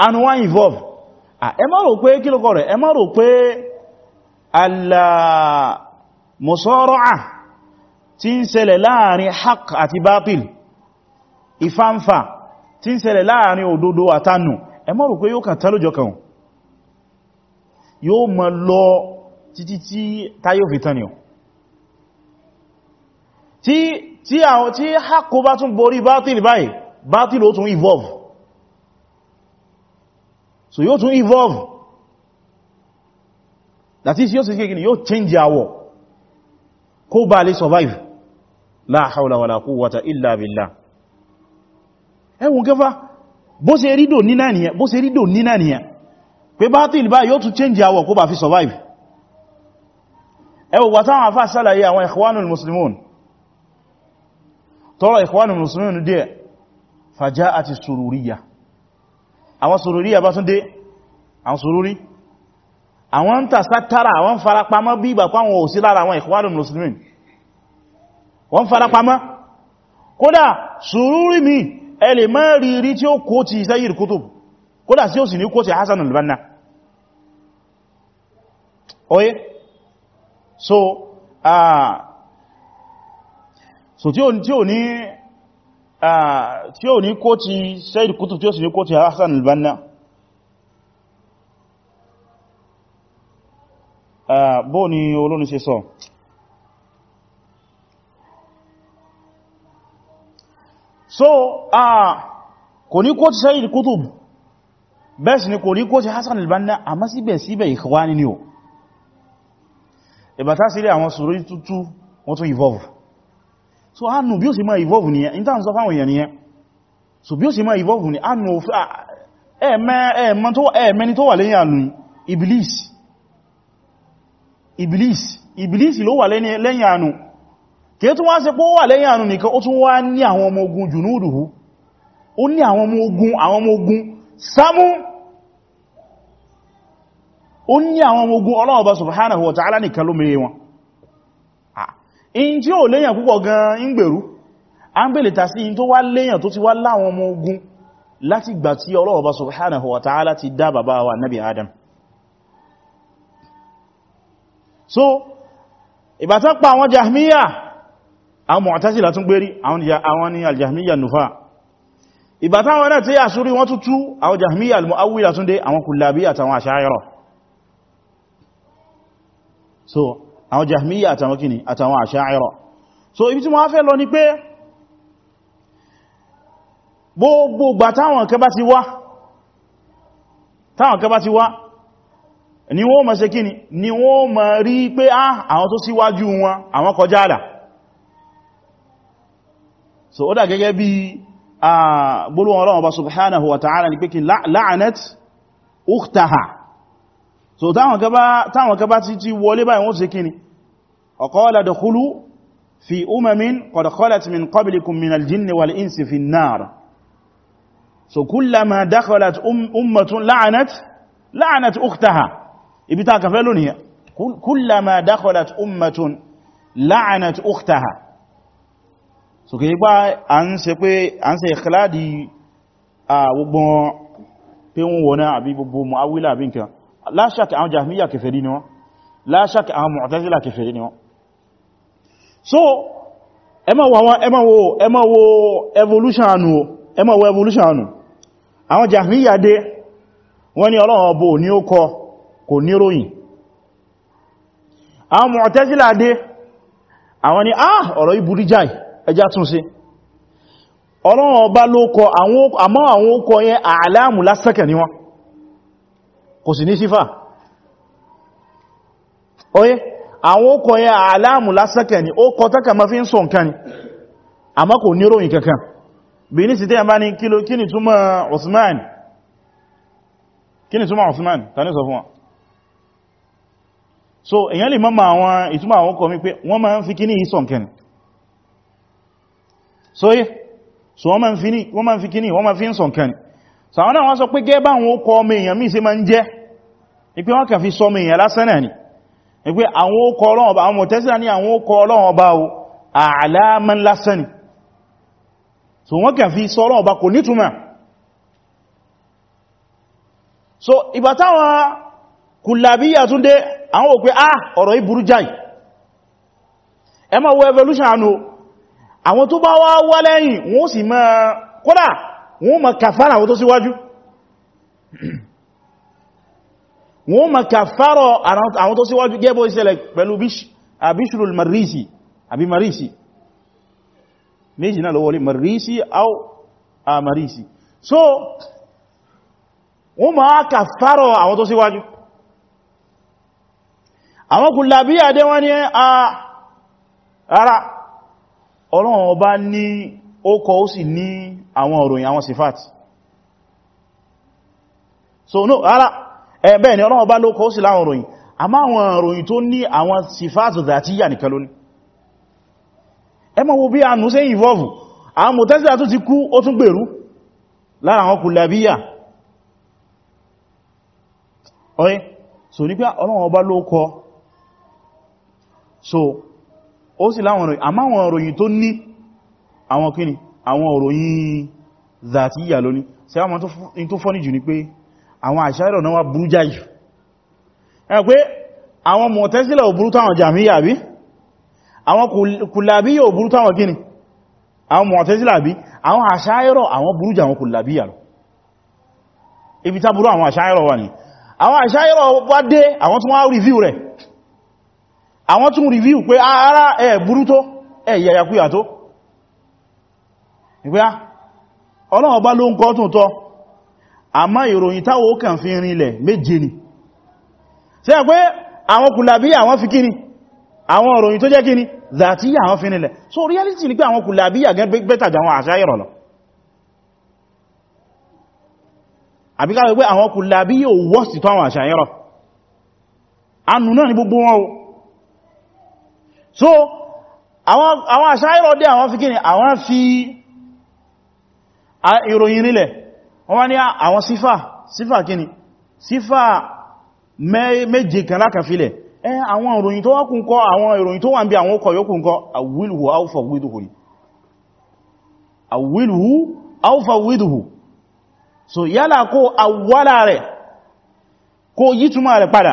anu wọ́n evolve ẹ má rò pé kí ló rẹ̀ ẹ pé al-musara'a tí ń ṣẹlẹ̀ láàrin haqq àti batil ìfánfà tí ń ṣẹlẹ̀ láàrin òdodo àtànù ẹ má rò pé yóò kàn tẹ́lójọ kan yóò máa lọ títí tí táyò fi tán ni ọ tí àwọn tí haqq bá tún borí batil báyìí batil ó tún evolve so yóò tún evolve that is yóò sì kí ni yóò change àwọ̀ kó bá lè survive la hawla wala quwwata illa billah ẹwùn gẹfà bó ṣe rí dò nínà nìyàn bó ṣe rí dò nínà nìyàn pé bátil bá yóò tún change àwọ̀ kó bá fi survive ẹwùn wà táwọn afá sálàyé àwọn ikhwanul muslimun tọrọ ikhwanul muslimun díẹ̀ fàjá àti sururiya àwọn sururiya bá tún dé àwọn sururi àwọn ń tàṣátàrà àwọn farapamọ́ bí ìgbà pàwọn ò sí lára àwọn Ikhwanul Muslimin wọ́n farapamọ́ kódà sùúrù mi ẹlè mọ́ rírí tí ó kó ti Sayyid Qutb kódà sí ó sì ní kó ti Hassan al-Banna oye so ah so tí ó ní kó ah, ti Sayyid Qutb tí ó sì ní kó ti Hassan al-Banna bó ni olórin se sọ so kò ní kó ti Sayyid Qutb bẹ́ẹ̀ ni kò ní kó ti Hassan al-Banna àmọ́ síbẹ̀síbẹ̀ Ikhwani ni o ìbàtà sílé àwọn Sururi tútú wọ́n tún evolve so a nù bí ó sì máa evolve nìyẹn in terms of so bí ó sì máa evolve ní a nù ẹ̀mẹ́ni tó wà lẹ́yìn ànù Iblis iblis iblis ló wà lẹ́yìn àánú kí é tún wá ṣe pé ó wà lẹ́yìn àánú nìkan ó tún wá ní àwọn ọmọ ogun jùnúdùhú ó ní àwọn ọmọ ogun àwọn ọmọ ogun sámú ó ní àwọn ọmọ ogun Ọlọ́run subhanahu wa ta'ala nìkan ló mẹ́rẹ wọn in tí ó lẹ́yìn púpọ̀ gan in gbèrú a ń bèèrè tàsí in tó wá lẹ́yìn tó ti wá láwọn ọmọ ogun láti gbà tí Ọlọ́run subhanahu wa ta'ala ti dá bàbá wa nabi adam so ìbátán pa àwọn jahmiya àwọn mu'tazila tún gbérí àwọn ni aljahmiya nufa ìbátán wọn náà tí a sórí wọn tútú àwọn jahmiya almu'awwila tún dé àwọn kullabi àtàwọn asha'ira so àwọn jahmiya àtàwọn kini àtàwọn asha'ira so ibi tí wọ́n fẹ́ lọ ni pé gbogbo gbà táwọn kẹba ti wá ni wọ́n ma ṣe kí ni ni wọ́n ma rí pé ah, àwọn tó síwájú wọn àwọn kọjá àlà so ó dà gẹ́gẹ́ bí gbólú wọn Ọlọ́run Ọba subhanahu wa ta'ala ni pé kí la'anat ukhtaha so táwọn kaba ti ti wọlé báyìí wọ́n ṣe kí ni ọkọ́ọ́lá da khulu fi umamin qad khalat min qablikum min aljinni wal insi fi an-nar so kullama dakhalat um-, ummatun la'anat la'anat ukhtaha ibi ta kàfẹ́ lónìí kullama dakhalat ummatun la'anat ukhtaha so kìí pa a ń ṣe pé a ń ṣe ìkìláàdì a gbogbo pé wọ́n wọ́n náà àbí gbogbo mu'awila àbí nǹkan la shak àwọn jahmiya kèfèrí ni wọ́n la shak àwọn mu'tazila kèfèrí ni wọ́n so ẹmọ wọ́n ẹmọ wo evolution anu ẹmọ wo evolution anu àwọn jahmiya dé wọ́n ni ọlọ́wọ́ bò ní ó kọ́ kò níròyìn àwọn Mu'tazila dé àwọn ni ah ọ̀rọ̀ ibùrí jáì ẹjá tún sí ọba ló kọ àmọ́ àwọn ókọ yẹn àlámù lásẹ̀kẹ̀ ni wọ́n kò sì ní sífà oye àwọn ókọ yẹn àlámù lásẹ̀kẹ̀ ni ó kọ tẹ́kà ma fi ń sọ kankan bí ní ní kí ni so èyàn lè mọ́mọ̀ àwọn ìtumọ̀ àwọn kọ̀ mi pé wọ́n máa ń fi kí ní ìsọ̀ nkẹni so yí so wọ́n máa ń fi kí ní wọ́n máa fi ń sọ̀ nkẹni so àwọn náà wọ́n sọ pé gẹ́bà àwọn okọ̀ ọmọ èèyàn mí sí máa ń jẹ́ ipé wọ́n kà fi sọ ọmọ èèyàn lásán so wọ́n kà fi sọ so ìgbà táwọn kùlàbíyà tún dé àwọn òpé ah ọ̀rọ̀ ìburú jáì ẹ ma wo evolution àánú àwọn tó bá wá wá lẹ́yìn wọ́n sì mọ́ kódà wọ́n ma kàfàrà àwọn tó síwájú wọ́n ma kàfàrà àwọn tó síwájú gẹ́bọ́ ìṣẹ̀lẹ̀ pẹ̀lú abishirul marisi àbí marisi méjì náà lọ́wọ́lé marisi au marisi so wọ́n ma kàfàrà àwọn tó síwájú àwọn kùlàbíyà dé wọ́n ní a rárá ọlọ́run ọba ní ó kọ ó sì ní àwọn òròyìn àwọn sifat so no rárá ẹ̀bẹ́ ni ọlọ́run ọba ló kọ ó sì láwọn òròyìn àmá àwọn òròyìn tó ní àwọn sifat dhatiya nìkan lónìí ẹ mọ̀ wo bí a nù sí ìvọ́vù àwọn mọ̀tẹ́sílá tó ti kú ó tún gbèrú lára àwọn kùlàbíyà ọ̀rẹ́ so ní pé ọlọ́run ọba ló kọ so ó sì láwọn ròyìn àmá àwọn ròyìn tó ní àwọn kíni àwọn ròyìn zàtíyà lóní sí àwọn tó fọ́nì jù ní pé àwọn àṣàrọ̀ náà wà burú jáyì ẹ pé àwọn mọ̀tẹ́sílẹ̀ ò burú táwọn jàmíyà bí àwọn kùlàbíyà ò burú táwọn kíni àwọn mọ̀tẹ́sílẹ̀ àbí àwọn àṣàrọ̀ àwọn burú jà àwọn kùlàbíyà lọ ibi tá burú àwọn àṣàrọ̀ wà ní àwọn àṣàrọ̀ wá dé àwọn tún wá rìvíw rẹ̀ àwọn tún rìvíù pé ah, ara ẹ̀ burú tó ẹ̀ yàyàkúyà tó ìgbé ah, ọlọ́wọ́ bá ló ń kọ́ tún tọ́ àmá ìròyìn táwọ ó kàn fi rinlẹ̀ méje ni ṣe pé àwọn kùlàbí àwọn fi kíni àwọn ìròyìn tó jẹ́ kíni zàtí àwọn fi rinlẹ̀ so reality ni pé àwọn kùlàbí àgẹ́ bẹ́tàjà àwọn àṣà ìrọ̀lọ́ àbíká pé àwọn kùlàbí yóò wọ́sì tó àwọn so àwọn aṣáyírọ̀ dé àwọn fi kíni àwọn fi ìròyìn rílẹ̀ wọ́n wá ní ah, àwọn sífà sífà kíni sífà méje kan lákàfilẹ̀ ẹ eh, àwọn ìròyìn tó wákùn kọ́ àwọn ìròyìn tó wà ń bí àwọn ọkọ̀ yókùn kọ́ àwílùú áwùfà wídùhù ni àwílùú áwùfà wídùhù so yálà kó àwọ́lá rẹ̀ kó yítúmọ̀ rẹ̀ padà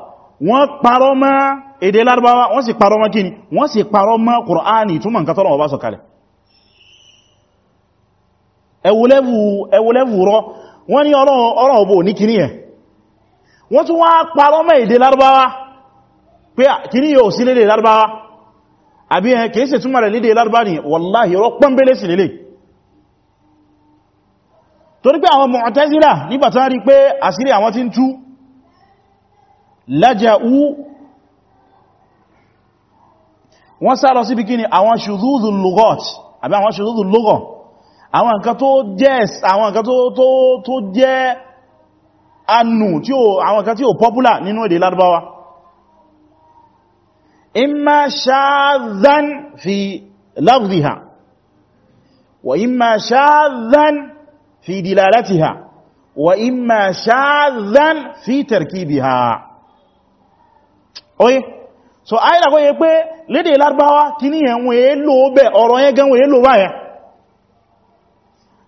wọ́n parọ́ mọ́ èdè lárúbáwá wọ́n sì parọ́ mọ́ kíni wọ́n sì parọ́ mọ́ Kùránì túnmọ̀ nǹkan tọ́lọ̀ ọba sọ̀kalẹ̀ ẹwùlẹ́wù rọ wọ́n ní ọ̀rọ̀ ọbọ̀ ní kíní ẹ̀ wọ́n tún wá parọ́ mọ́ èdè lárúbáwá pé kíní yóò sí lédè lárúbáwá àbí ni wàláhì rọ pọ́nbélé sí lélẹ̀ torí pé àwọn Mu'tazila nígbà tán rí pé àṣírí lájáú wọ́n sá lọ síbi kíni àwọn ṣùdúdù lughat àbí àwọn ṣùdúdù lugha àwọn nǹkan tó jẹ́ àwọn nǹkan tó tó tó jẹ́ anù tí ó àwọn nǹkan tí ó popular nínú èdè Lárúbáwá imma shadhan fi lafdhiha wa imma shadhan fi dilalatiha wa imma shadhan fi tarkibiha oye so ayira kó yẹ pé lédè lárúbáwá kí ní ẹ̀wọ̀n èélò bẹ̀ ọ̀rọ̀ yẹn gan wọ́n èélò báyẹn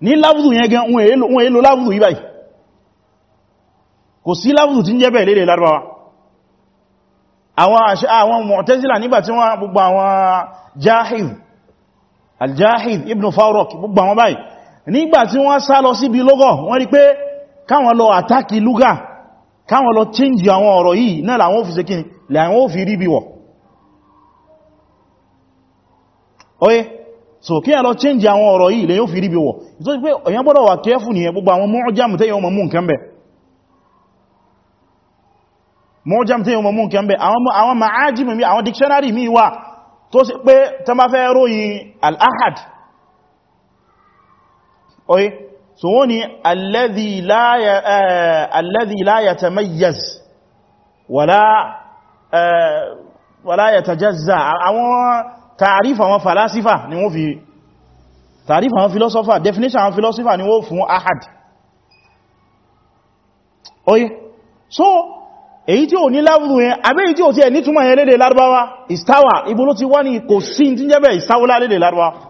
ní lábùdù yẹn gan wọ́n èélò lábùdù yí báyìí kò sí lábùdù tí ń jẹ́ bẹ̀ lédè lárúbáwá àwọn àṣẹ àwọn Mu'tazila nígbà tí wọ́n gbogbo àwọn Jahiz al-Jahiz ibn Farrokh gbogbo àwọn báyìí nígbà tí wọ́n sá lọ síbi lọ́gọ̀ wọ́n rí pé káwọn lọ àtàkì lúgà káwọn lọ change àwọn ọ̀rọ̀ yìí náà làwọn ò fi ṣe kíni làwọn ò fi rí bí wọ̀ oye so kí ẹ̀lọ change àwọn ọ̀rọ̀ yìí lè yóò fi rí bí wọ̀ ìtò pé èyàn gbọ́dọ̀ wà kẹ́ẹ̀fù ní gbogbo àwọn mọ́jámù tẹ́yàn ọmọ mú nǹkan bẹ̀ mọ́jámù tẹ́yàn ọmọ mú nǹkan bẹ̀ àwọn ma'ájì mi àwọn dictionary mi wà tó sì pé tẹ́ bá fẹ́ ròyìn al-ahad oye so wọ́n ni alladhi la eh, yatamayyaz eh, wala yatajazza àwọn tàrífà àwọn falasifa ni wọ́n fi tàrífà àwọn filosofa definition àwọn filosofa ni wọ́n fún ahad oye so èyí tí ò ní lábùrù yẹn abẹ́ èyí tí ò tí ẹ̀ nítúmọ̀ yẹn lédè lárúbáwá ìstáwà ibo ló ti wá ní kò sí tí ìstáwọ́lá lédè lárúbáwá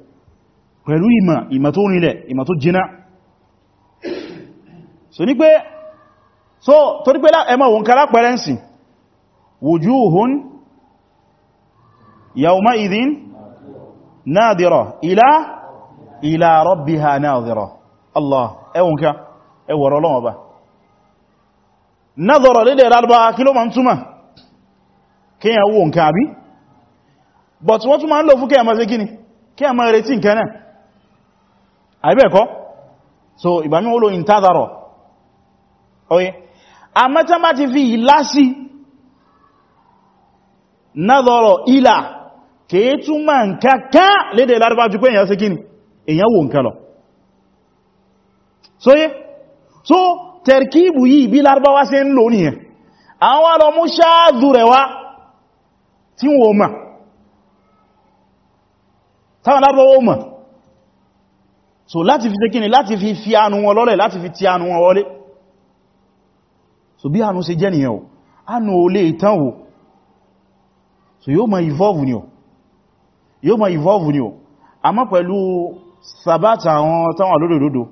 pẹ̀lú ìmọ̀ ìmọ̀ tó rinlẹ̀ ìmọ̀ tó jiná so ní pé so torí pé ẹmọ̀ òun kara pẹ̀rẹ́nsì wujuhun yawma idhin nadira ila ila rabbiha nadira Allah ẹwùn ká ẹwọ̀rọ̀ lọ́wọ́ ba nadira kí but wọ́n tún ma ń lò fún kí a ma ṣe retí nǹkan náà àìbẹ̀ẹ̀kọ́ so ìgbàmí ó lo intazarọ̀ oye a mẹ́ta bá ti fi ìlásí nazarọ̀ ìlà kìí túnmà nkankan lédè lárúbá jù pé èyàn sí kíni èyàn wò nkan lọ so yé so tẹ̀rkíbù yìí bí lárúbá wá sí ń lò nìyẹn àwọn wá lọ mú ṣáàdù rẹ̀ wá tí wọ́n mọ̀ táwọn lárúbá wọ́n mọ̀ so láti fi ṣe kíni láti fi fi anu wọn lọ́lẹ̀ láti fi ti anu wọn wọlé so bí anu ṣe jẹ́ nìyẹn o anu o lè tán o so yóò máa evolve ni o yóò máa evolve ni o àmọ́ pẹ̀lú sabata àwọn táwọn lódòdó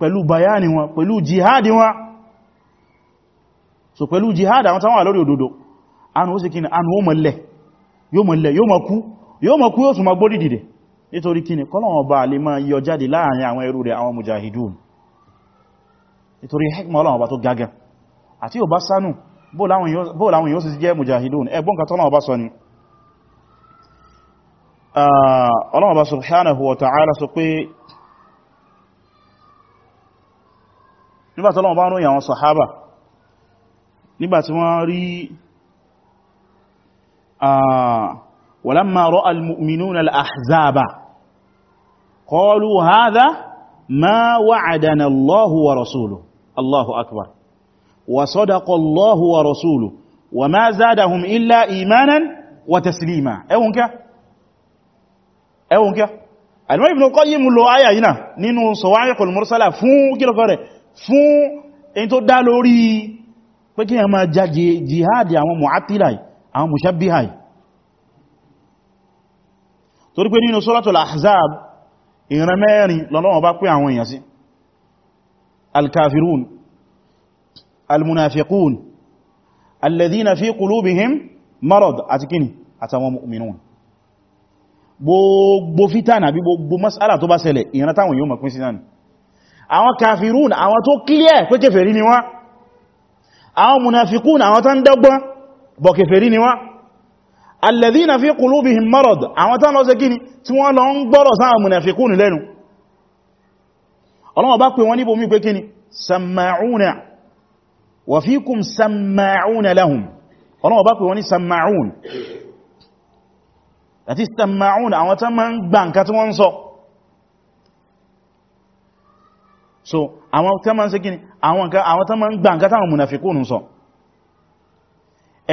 pẹ̀lú bayani wọn pẹ̀lú jihadi wọn so pẹ̀lú jihadi àwọn táwọn lódòdó anu ó ṣe kíni anu ó mọ̀lẹ̀ yóò mọ̀lẹ̀ yóò mọ̀ kú yóò mọ̀ yóò sùn mọ̀ gbódìdìdì nítorí kíni kọ́lọ̀wọ̀n bá lè máa yọ jáde láàrin àwọn ẹrú rẹ̀ àwọn mujahidun nítorí hikmọ́ ọlọ́wọ̀n bá tó gaga àti ò bá sánú bóòláwọn yóò sì jẹ́ mujahidun ẹgbọ́n ka tọ́lọ̀wọ̀n bá sọ ni ọlọ́wọ̀n bá subhanahu wa ta'ala sọ pé nígbà tọ́lọ̀wọ̀n bá ròyìn àwọn sahaba nígbà tí wọ́n rí قالوا هذا ما وعدنا الله ورسوله الله أكبر وصدق الله ورسوله وما زادهم إلا إيمانا وتسليما أونك أونك المهم ابن القيم لو آية هنا نينو صواعق المرسلة فون كيلو فره فون انتو دالوري pẹ́kí ẹ máa já jihadi àwọn mu'attila àwọn mushabbiha torí pé nínú suratul ahzab ìran mẹ́rin lọ́lọ́wọ́ bá pé àwọn èèyàn sí alkafirun almunafiqun alladhina fi qulubihim marad àti kíni àtàwọn mu'minun gbogbo fítà nàbí gbogbo mas'ala tó bá ṣẹlẹ̀ ìran táwọn yóò mọ̀kún sí náà àwọn kafirun àwọn tó clear pé kèfèrí ni wá àwọn munafiqun àwọn tán dọ́gbọ́n bọ̀ kèfèrí ni wá alladhina fi qulubihim marad àwọn tán lọ sí kíni tí wọ́n lọ ń gbọ́rọ̀ sáà munafiqun lẹ́nu ọlọ́wọ́ bá pè wọ́n níbo mí pé kíni sama'una wa fikum sama'una lahum ọlọ́wọ́ bá pè wọ́n ní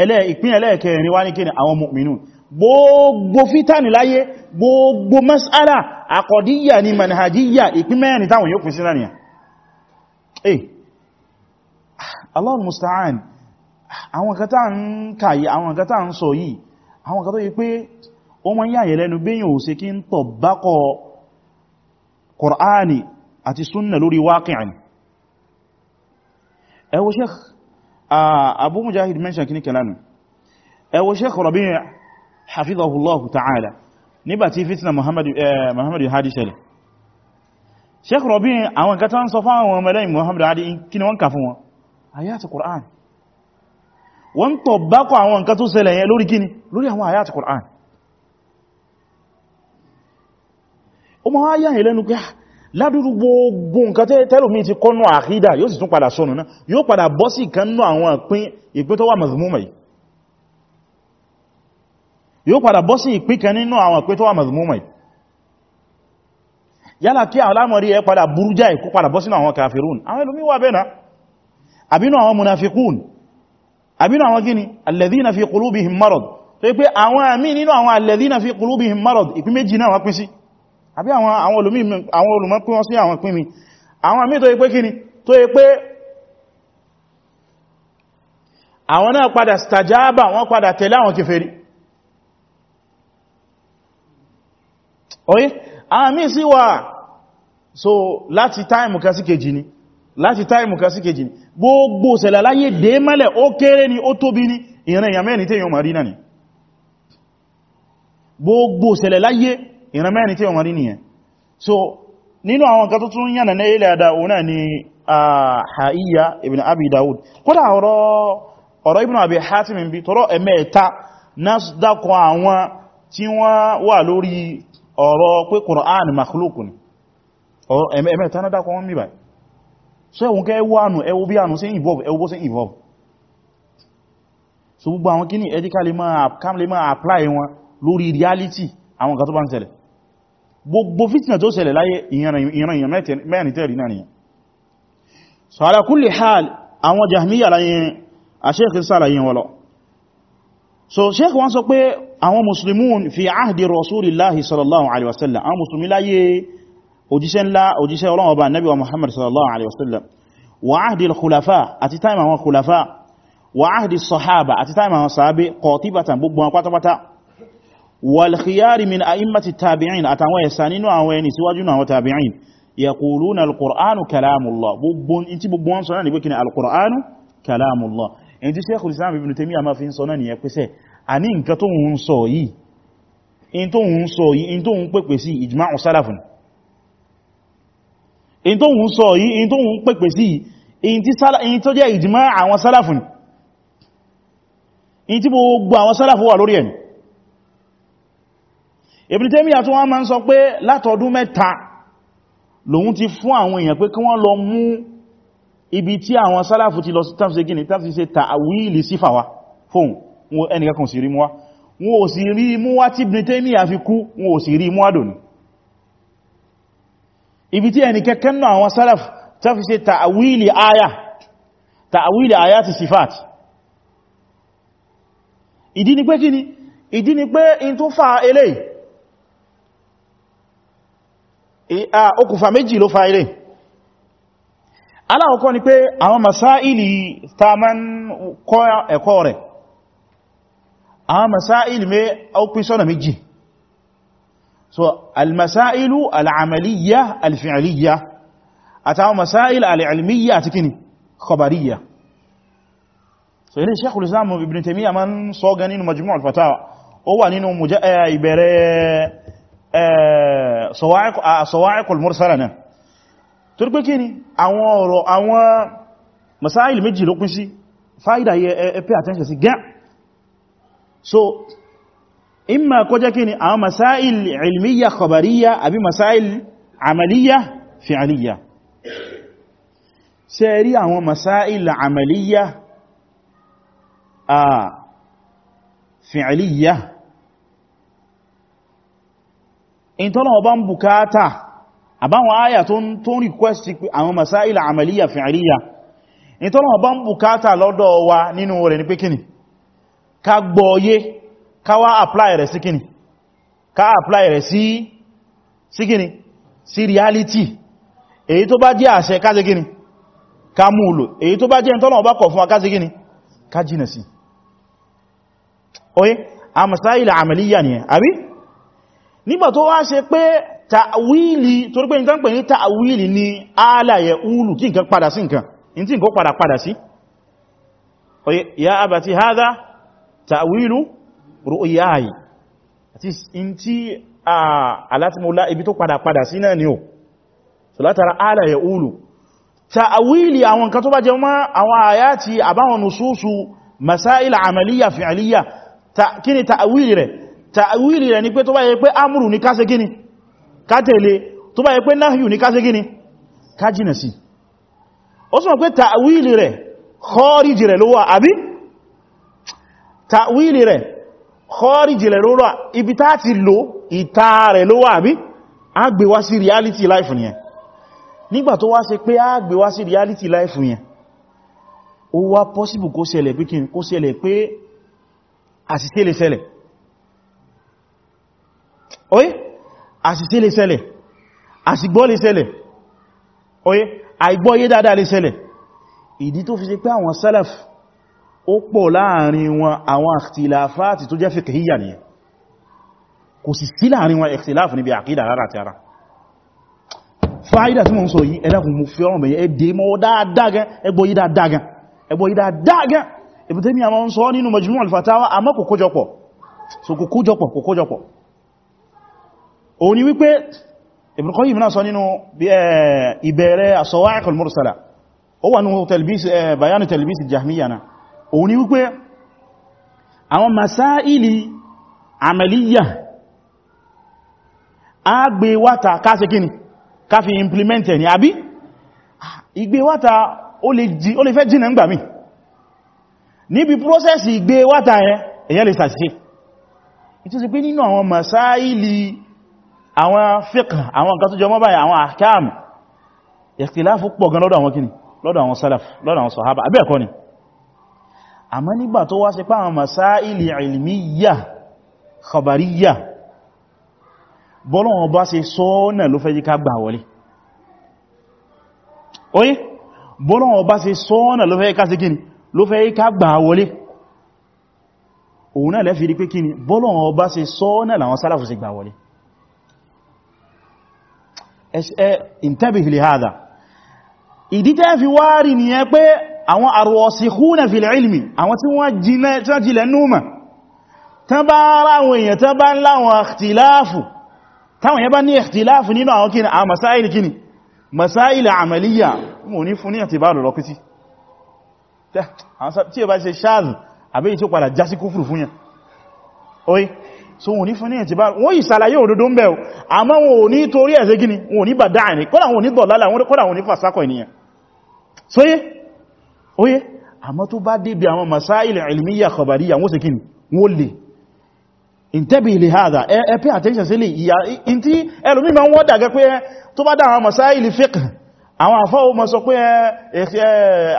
ìpín ẹlẹ́ẹ̀kẹrin wá ní kí ni àwọn mu'minun gbogbo fítàní láyé gbogbo mas'ala àkọ̀díyà ni manhajiyya ìpín mẹ́rin táwọn yóò kún sí lánìyà eh Allah musta'an àwọn kata ń kàyí àwọn kata ń sọ yìí àwọn kata yìí pé ó mọ́ yáyẹ̀ lẹ́nu bíyàn ò sí kí ń tọ̀ bákọ̀ Qur'ani Ah, Abu Mujahid mention kini kelanu ẹ eh, wo Sheikh Rabi' hafizahullahu ta'ala nígbàtí fitna Muhammadu eh, Muhammadu Hadi ṣẹlẹ̀ Sheikh Rabi' àwọn nǹkan tán sọ fáwọn mẹ́lẹ́yìn Muhammadu Hadi kí ni wọ́n kà fún wọn ayati Qur'an wọ́n tọ̀ bákọ̀ àwọn nǹkan tó ṣẹlẹ̀ yẹn lórí kíni lórí àwọn ayati Qur'an o ma wá yáyẹ̀ lẹ́nu pé ah, ládúrú gbogbo nǹkan tẹ́lùmí ti kọ́nù àkídà yóò sì tún padà sọ́nù náà yóò padà bọ́ sí ìkannú àwọn ìpín tó wà mazmúmà yìí yóò padà bọ́ sí ìpín kan nínú àwọn ìpín tó wà mazmúmà yìí yálà kí àwọn alámọ̀rí ẹ padà burú jáì kó padà bọ́ sínú àwọn kafirun àwọn ẹlòmí wà bẹ́ẹ̀ náà àbínú àwọn munafikun àbínú àwọn gini alladhina àbí àwọn olùmọ̀ pín wọ́n sí àwọn pín mi àwọn àmì tó yí kíni tó yí àwọn náà padà stajaba wọ́n padà tẹ̀lé àwọn kèfèrí oye àwọn míì sí wà so láti táìmù kan sí kejì ni láti táìmù kan sí kejì ni gbogbo ṣẹlẹ̀ láyé dé mẹ́lẹ̀ ó kéré ni ó tóbi ní ìrìn ìyàmẹ́ni tí marina ni gbogbo ṣẹlẹ̀ ìran mẹ́rin tí wọ́n rí nìyẹn so nínú àwọn nǹkan tó tún yànà ní ilẹ̀ àdá náà ni Ha'iyya ibn Abi Dawud kódà ọ̀rọ̀ ibn Abi Hatim bí tọ́rọ ẹ̀mẹ́ta na dákọ àwọn tí wọ́n wà lórí ọ̀rọ̀ pé Qur'an makhluk ni ẹ̀mẹ́ta na dákọ wọn mí báyìí so ẹwùn kẹ́ wánu ẹwù bí ànú sí involve ẹwù apply wọn lórí reality àwọn nǹkan tó bá ń ṣẹlẹ̀ gbogbo fitna tó ṣẹlẹ̀ láyé ìran èèyàn mẹ́rin tẹ́rì náà nìyàn so ala kulli hal àwọn jahmiya láyé a sheikh sàlàyé wọ́lọ́ so sheikh wọ́n sọ pé àwọn muslimun fi ahdi rasulillahi sallallahu alaihi wasallam àwọn musulmi láyé òjíṣẹ́ ńlá òjíṣẹ́ ọlọ́wọ́ bá nabi wa muhammad sallallahu alaihi wasallam wa ahdi al-khulafa àti time àwọn khulafa wa ahdi sahaba àti time والخيار من أئمة التابعين أتنوى أويني وأنوين سواجنا وتابعين يقولون القرآن كلام الله ببون انت ببون صنعني بكنا القرآن كلام الله انت شيخ الإسلام ابن تيمية ما فين صنعني يكسي أني انكتون هنصوي انتون هنصوي انتون هنبكسي إجماع سلف انتون هنصوي انتون هنبكسي انت جاء إجماع وسلف انت ببون وسلف هو لوريني Ibn Taymiyyah tún wọ́n máa ń sọ pé látọdún mẹ́ta lòun ti fún àwọn èèyàn pé kí wọ́n lọ mú ibi tí àwọn sálàfù ti lọ sí tàbí gini tàbí ṣe ta'wili sífà wa fóun wọn ẹnìkan kan sì rí mú wá wọn aya ta'wili aya ti sifat ìdí ni pé kí ìdí ni pé in tó fa eléyìí Eh, okùnfà méjì ló fa ilé aláwọ̀kọ́ ni pé àwọn masáìlì ta ma ń kọ́ ẹ̀kọ́ rẹ̀ àwọn masáìlì mé ọkùn sọ́nà méjì so almasáìlù al'amaliyya alfi'aliyya àtàwọn masáìlì al'ilmiyya àti kíni khabariyya so ilé Sheikhul Islam Ibn Taymiyyah ma ń sọ ganin majmu' al-fatawa ó wà nínú eh, ìbẹ̀rẹ̀ Eh, sọ̀wáẹ́kùl ah, mursala náà tó rí pé kí ni àwọn ọ̀rọ̀ àwọn masáìlì méjì ló kún sí fáìdà yẹ ẹ̀pẹ́ attention sí gẹ́ so imma kó jẹ́ kí ni àwọn masáìlì ilmiya khabariyya àbí masáìlì amaliyya fi'aliyya ṣe rí àwọn ah, fi'aliyya in tọ́lọ̀ ọba ń bukata àbáwọn àyà tó ń request pé àwọn masáìlà àmàlíyà fi'liya in tọ́lọ̀ ọba ń bukata lọ́dọ̀ wa nínú rẹ̀ ní pé kíni ká gbọ́ye ká wá apply rẹ̀ sí kíni ká apply rẹ̀ sí sí kíni sí reality èyí tó bá jẹ́ àṣẹ ká kíni ká mú èyí tó bá jẹ́ ìtọ́lọ̀ ọba kọ̀ fún wa kíni ká jìnà sí oye a masáìlà àmàlíyà ni àbí nígbà tó wá ṣe pé tàwílì torí pé nǹkan pè ní tàwílì ni alaye ulu kí nǹkan padà sí nǹkan in tí nǹkan padà padà sí oye ya abati haza tàwílù ru'yayi àti in tí a alátimola ibi tó padà padà sí náà ni o so látara alaye ulu tàwílì àwọn nǹkan tó bá jẹ mọ́ àwọn àyàtì àbáwọn nususu masáìlà àmàlíyà fi'alíyà kí ni tàwílì rẹ̀ tàwílì rẹ̀ ni pé tó bá yẹ pé amúrù ní kásẹ̀ gíní ká tẹ̀lé tó bá yẹ pé náhìyù ní kásẹ̀ gíní ká jìnà sí ó sọ pé tàwílì rẹ̀ kọ́ríjì rẹ̀ ló wà àbí tàwílì rẹ̀ kọ́ríjì rẹ̀ ló wà ibi tá ti lò ìta rẹ̀ ló àbí a sí reality life nìyẹn nígbà tó wá ṣe pé a sí reality life nìyẹn ó wá possible kó ṣẹlẹ̀ pé kí n kó ṣẹlẹ̀ pé àṣìṣẹ́ lè ṣẹlẹ̀ oye àṣìṣe lè ṣẹlẹ̀ àṣìgbọ́ lè ṣẹlẹ̀ oye àìgbọ́ yé dáadáa lè ṣẹlẹ̀ ìdí tó fi ṣe pé àwọn salaf ó pọ̀ láàrin wọn àwọn ikhtilafati tó jẹ́ fiqhiyya ni kò sì sí láàrin wọn ikhtilaf níbi àkídà rárá àti ara fáídà tí mo ń sọ yìí ẹ̀dàkùn mo fi ọ̀rọ̀ mẹ́yẹ ẹ̀dẹ̀ mọ́ dáadáa ẹgbọ́ yí dáadáa ẹgbọ́ yí dáadáa gan Ibn Taymiyyah máa ń sọ nínú Majmu' al àmọ́ kò òun ni wípé Ibn Qayyim náà sọ nínú eh, ìbẹ̀rẹ̀ as-Sawa'iq al-Mursala ó wà nínú eh, bayanu talbis al-Jahmiyya náà òun ni wípé àwọn masáìlì amaliyya agbèwátà káṣe kíni káfí implement ẹ̀ ni àbí ìgbèwátà ó lè fẹ́ jìnà ń gbà mí níbi prọ́sẹ̀sì ìgbèwátà ẹ̀ èyẹ́ lè sàṣìṣe àwọn fiqh àwọn nǹkan tó jọ mọ́ báyìí àwọn ahkam ikhtilafu pọ̀ gan lọ́dọ̀ àwọn kíni lọ́dọ̀ àwọn salaf lọ́dọ̀ àwọn sahaba àbí ẹ̀kọ́ ni àmọ́ nígbà tó wá sí pé àwọn masáìlì ilmiya khabariya bọ́lọ̀wọ̀n òun náà lẹ́fìrí pé kíni bọ́lọ̀wọ̀n bá ṣe sọ́ọ́nà làwọn sálàfù sí gbà wọlé Eh, intabih li hadha ìdí tẹ́ fi wárí ni ẹ pé àwọn arwasikhuna fil ilmi àwọn tí wọ́n jilẹ̀ númà tán bá ráwọn èèyàn tán bá ń láwọn ikhtilafu táwọn yẹ bá ní ikhtilafu nínú àwọn kíni a masáìlì kíni masáìlì àmàlíyà mò ní fún ní àti bá lọ́rọ̀ kìtì so wọn ní fún ní ẹ̀tìbá wọ́n yìí sàlàyé òdodo ń bẹ̀ o àmọ́ wọn ò ní torí ẹ̀ṣẹ́ gíní wọn ò ní bàdá àní kọ́nà wọn ní dọ̀lálà kọ́nà wọn ní fàsákọ̀ ènìyàn so yé oyé àmọ́ tó bá débi àwọn masáìlì ilmiya khabariya wọ́n sì kíni wọ́n lè intabi li hadha attention sí lè ìyà ìntí ẹlòmí ma ń wọ́n dàgẹ́ pé tó bá dá àwọn masáìlì fiqh àwọn àfáwò ma sọ pé eh, eh,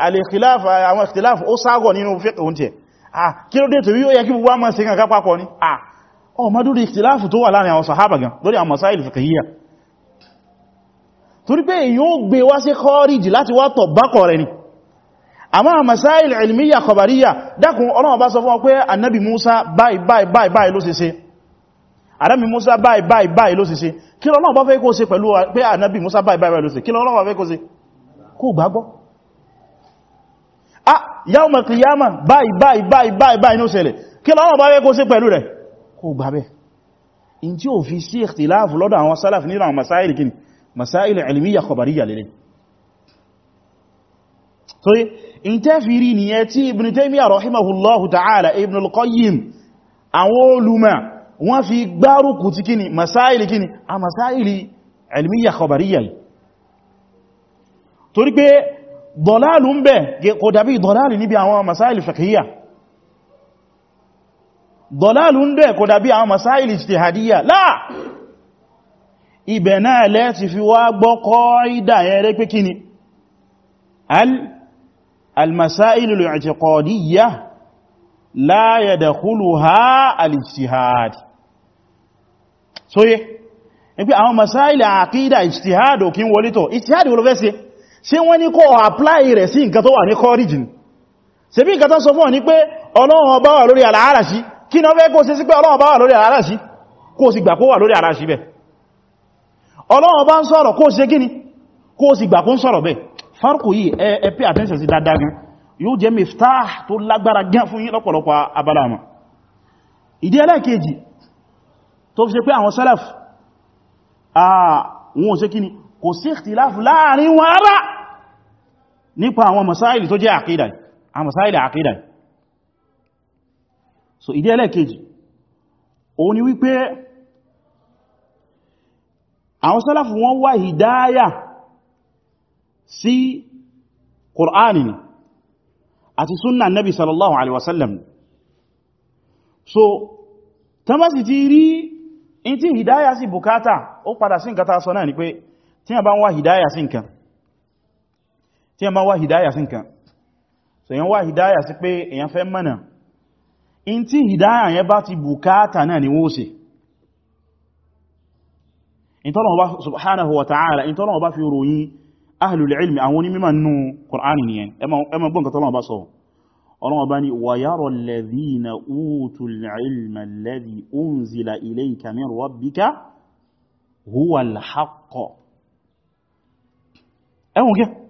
ah kí ló dé torí ó yẹ kí gbogbo a máa ṣe kankan papọ̀ ah ọmọ dúró ìtìláàfù tó wà láàrin àwọn sàhábà gan lórí àwọn masáìlì fìkìyà torí pé èyí ó gbé wá sí kọ́ríjì láti wá tọ̀ bákọ̀ rẹ̀ ni àmọ́ àwọn masáìlì ilmiya kọbariya dákun Ọlọ́run bá sọ fún pé annabi Musa báyìí báyìí báyìí ló ṣe ṣe annabi Musa báyìí báyìí báyìí ló ṣe ṣe kí Ọlọ́run bá fẹ́ kó ṣe pẹ̀lú pé annabi Musa báyìí báyìí ló ṣe kí kó gbábẹ̀ in tí ó fi sí ìtìláàfù lọ́dọ̀ àwọn sálàf nínú àwọn masáìlì kìí masáìlì ilmiya kọbariya lè so in tẹ́ fi rí ni yẹ tí ibn Taymiyyah rahimahullahu ta'ala ibn al-Qayyim àwọn olùmọ̀ wọ́n fi gbárùkù ti kíni masáìlì kíni a masáìlì ilmiya kọbariya yìí torí pé dọ̀láàlù ń bẹ kò dàbí dọ̀láàlù níbi àwọn masáìlì fiqhiyya dọ̀láàlù ń bẹ̀ kò dàbí àwọn masáìlì ijtihadiyya láà ibẹ̀ náà lẹ́ ti fi wá gbọ́kọ́ ìdà ẹ̀rẹ́ pé kíni al al masáìlì àkídà wọ́n ní kọ́ apply rẹ̀ sí nǹkan tó wà ní kọ́ríjìn ṣe bí nǹkan tó sọ fún ọ ní pé ọlọ́run ọba wà lórí àlàáràṣí kí náà fẹ́ kó sí sí pé Ọlọ́run bá wà lórí ara sí kó sì gbà kó wà lórí ara sí bẹ̀ Ọlọ́run bá ń sọ̀rọ̀ kó sí gíní kó sì gbà kó ń sọ̀rọ̀ bẹ̀ farko yìí ẹ pay attention sí dáadáa gan yóò jẹ́ miftah tó lágbára gan fún so ìdí ẹlẹ́kejì òun ni wípé àwọn sálàfù wọ́n wá hìdáyà sí Kùránì ni àti súnnà nabi sallallahu alaihi wasallam so tamasi ti rí in tí hìdáyà sí bukata ó padà sí nǹkan ta sọ náà ni pé tí a bá wá hìdáyà sí nǹkan tí a bá wá hìdáyà sí nǹkan so èyàn wá hìdáyà sí pé èyàn fẹ́ mọ̀nà in tí hidaya yẹn bá ti bukata náà ni wóse se in bá subhanahu wa ta'ala in tọ́lọ̀ bá fi ròyìn ahlul ilmi àwọn onímọ̀ nínú Qur'ani ni yẹn ẹmọ gbọ́nkà tọ́lọ̀ bá sọ Ọlọ́run bá ní wa yàrọ̀ alladhina utul ilma alladhi unzila ilayka min rabbika huwa al-haqq ẹwùn kẹ́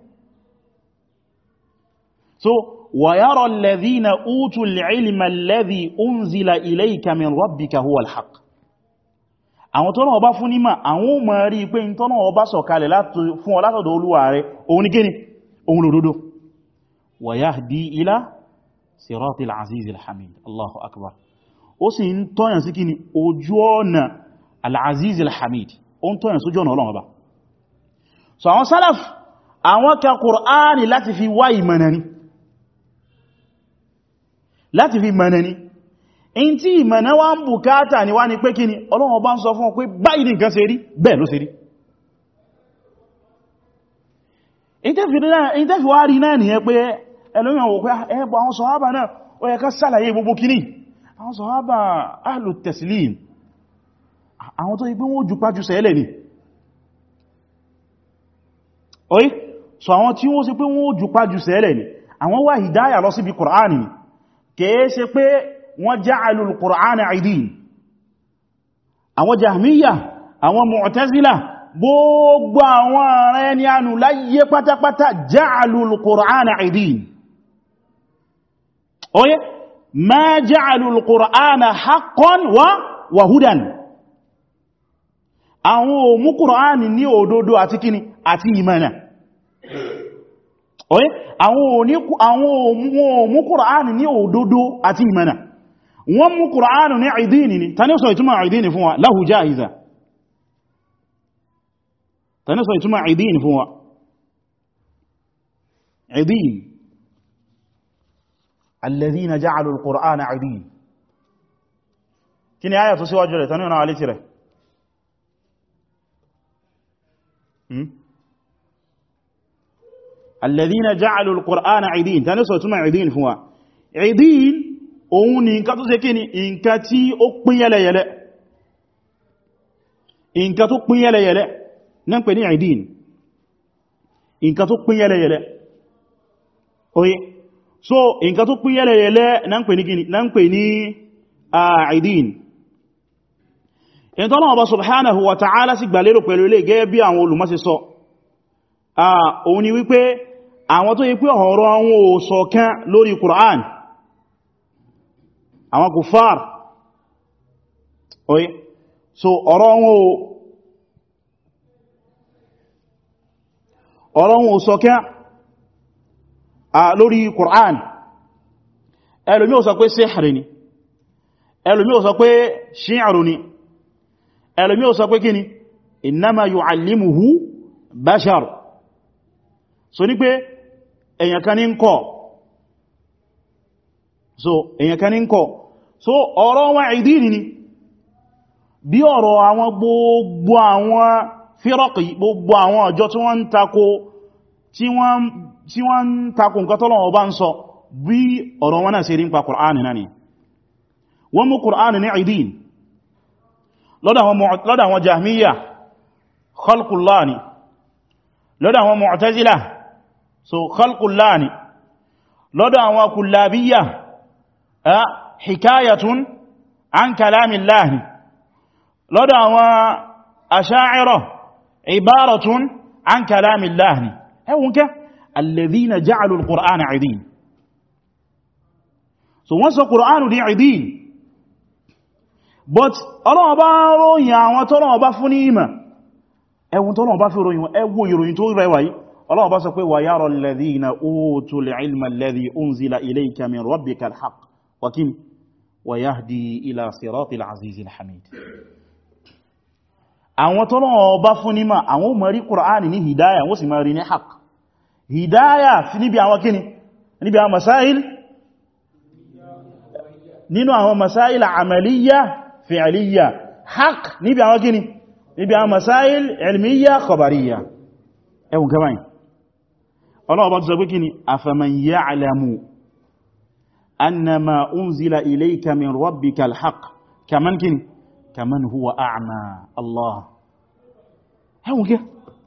so ويرى الذين أوتوا العلم الذي أنزل إليك من ربك هو الحق àwọn tó náà ọba fún nímọ̀ àwọn ò máa rí pé ní tó náà ọba sọ̀kalẹ̀ fún ọ látọ̀dọ̀ olúwa rẹ̀ òun ní gíní òun lòdòdó wa yahdi ila siratil láti fi wá ìmọ̀nà láti fi mẹ́nà ni in tí ìmẹ̀nà wá ń bùkátà ni wá ní pé kíni bá ń sọ fún ọ pé báyìí ní nǹkan rí bẹ́ẹ̀ ló ṣe rí ìtẹ́fì wá rí náà nìyẹn pé ẹlòmíyàn wò pé ah, ẹgbọ́ àwọn àbà náà ó yẹ ká sàlàyé gbogbo kíní àwọn àwọn so àwọn tí kèé ṣe pé wọ́n ja'alu al-Qur'ana aidin àwọn jahmiya àwọn mu'tazila gbogbo àwọn ará ẹni anù láyé pátápátá ja'alu al-Qur'ana aidin oye ma ja'alu al-Qur'ana wa wa àwọn òmú Qur'ani ní àti kíni àti ìmánà ọ̀yẹ́ àwọn òmú kùránù ní òdodo àti ìmọ̀nà wọ́n mú kùránù ní àìdíni ni ta ní sọ ìtumọ̀ àìdíni fún wa lahu jaiza ta ní sọ ìtumọ̀ àìdíni fún wa àìdín alladhina ja'alu al-qur'ana àìdín kí ni ayà tó síwájú rẹ̀ ta ní ọ̀nà alítì rẹ̀ hmm? alladhina ja'alu al-qur'ana 'idin tani sọ túmọ̀ 'idin fún wa 'idin òun ni nǹkan tó ṣe kí ni nǹkan tí ó pín yẹlẹyẹlẹ nǹkan tó pín yẹlẹyẹlẹ náà pè ní 'idin nǹkan tó pín yẹlẹyẹlẹ oye so nǹkan tó pín yẹlẹyẹlẹ náà pè ní kí ni náà pè ní 'idin in tọ́lọ́wọ́ bá subhanahu wa ta'ala sì gbà lérò pẹ̀lú ilé gẹ́gẹ́ bí àwọn olùmọ́sí sọ òun ni wípé àwọn tó yí pé ọ̀rọ̀ wọn ò ṣọ̀kan lórí Qur'an àwọn kùfàr oye so ọ̀rọ̀ wọn ò ṣọ̀kan lórí Qur'an ẹlòmí ò sọ pé sihri ni ẹlòmí ò sọ pé shi'ru ni ẹlòmí ò sọ pé kíni bashar so èyàn kan ní ń kọ̀ so èyàn kan ní ń kọ̀ so ọ̀rọ̀ wọn ìdíni ni bí ọ̀rọ̀ àwọn gbogbo àwọn fírọ́kì gbogbo àwọn ọjọ́ tí wọ́n ń tako tí wọ́n ń tako nǹkan tọ́lọ̀wọ́ bá ń sọ bí ọ̀rọ̀ wọn náà ṣe rí ń pa Kùránì náà ni wọ́n mú Kùránì ní ìdíni lọ́dà àwọn jahmiya khalqullani lọ́dà àwọn mu'tazila so khalqullah ni lọ́dọ̀ àwọn kullabiyya a hikayatun an kalamillah ni lọ́dọ̀ àwọn asha'ira ibaratun an kalamillah ni ẹwùn kẹ́ alladhina ja'alu al-qur'ana so wọ́n sọ qur'anu di 'idin but Ọlọ́run bá ròyìn àwọn tọ́lọ́run bá fún ní ìmọ̀ ẹwùn tọ́lọ́run bá fi ọlọ́wọ́ bá sọ pé wa yara alladhina utul ilma alladhi unzila ilayka min rabbika alhaq wa kim wa yahdi ila siratil azizil hamid àwọn tọ́lọ́wọ́ bá fún nímọ̀ àwọn máa rí Qur'ani ní hidaya wọ́n sì máa rí ní haq hidaya sí níbi àwọn kíni níbi ẹwùn kẹwàá ọlọ́wọ́ bá tó sọ pé kí ni afaman ya'lamu annama unzila ilayka min rabbika alhaq kaman kí ni kaman huwa a'ma Allah ẹwùn kí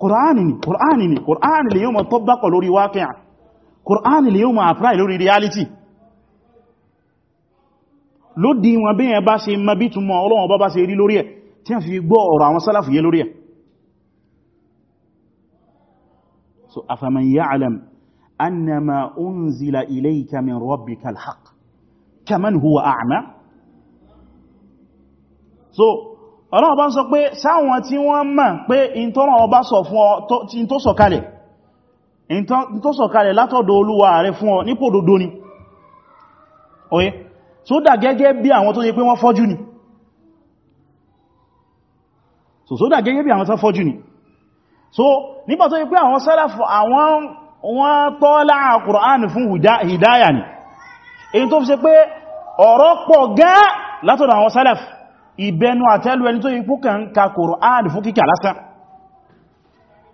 Kùránì ni Kùránì ni Kùránì lè yóò mọ̀ tọ́bákọ̀ lórí wákíà Kùránì lè yóò mọ̀ apply lórí reality ló wọn bí ẹ bá ṣe mabítùmọ̀ ọlọ́wọ́ bá bá ṣe rí lórí ẹ̀ tí a fi gbọ́ ọ̀rọ̀ àwọn sálàfù yẹ lórí ẹ̀ so afaman ya'lam annama unzila ilayka min rabbika alhaq kaman huwa a'ma so ọlọ́run bá ń sọ pé sáwọn tí wọ́n mọ̀ pé in tọ́rọ ọba sọ fún ọ tí in tó sọ̀kalẹ̀ in tó sọ̀kalẹ̀ látọ̀dọ̀ olúwa rẹ fún ọ nípò dodo ni oye so dà gẹ́gẹ́ bí àwọn tó yẹ pé wọ́n fọ́jú ni so so dà gẹ́gẹ́ bí àwọn tó fọ́jú ni so nígbà tó yí pé àwọn sálàfù àwọn wọ́n tọ́lá Kùránì fún hìdáyà ni èyí tó fi ṣe pé ọ̀rọ̀ pọ̀ gán látọ̀dọ̀ àwọn sálàfù ìbẹnu àtẹ́lù ẹni tó yí pú kàn ka Kùránì fún kíkà lásán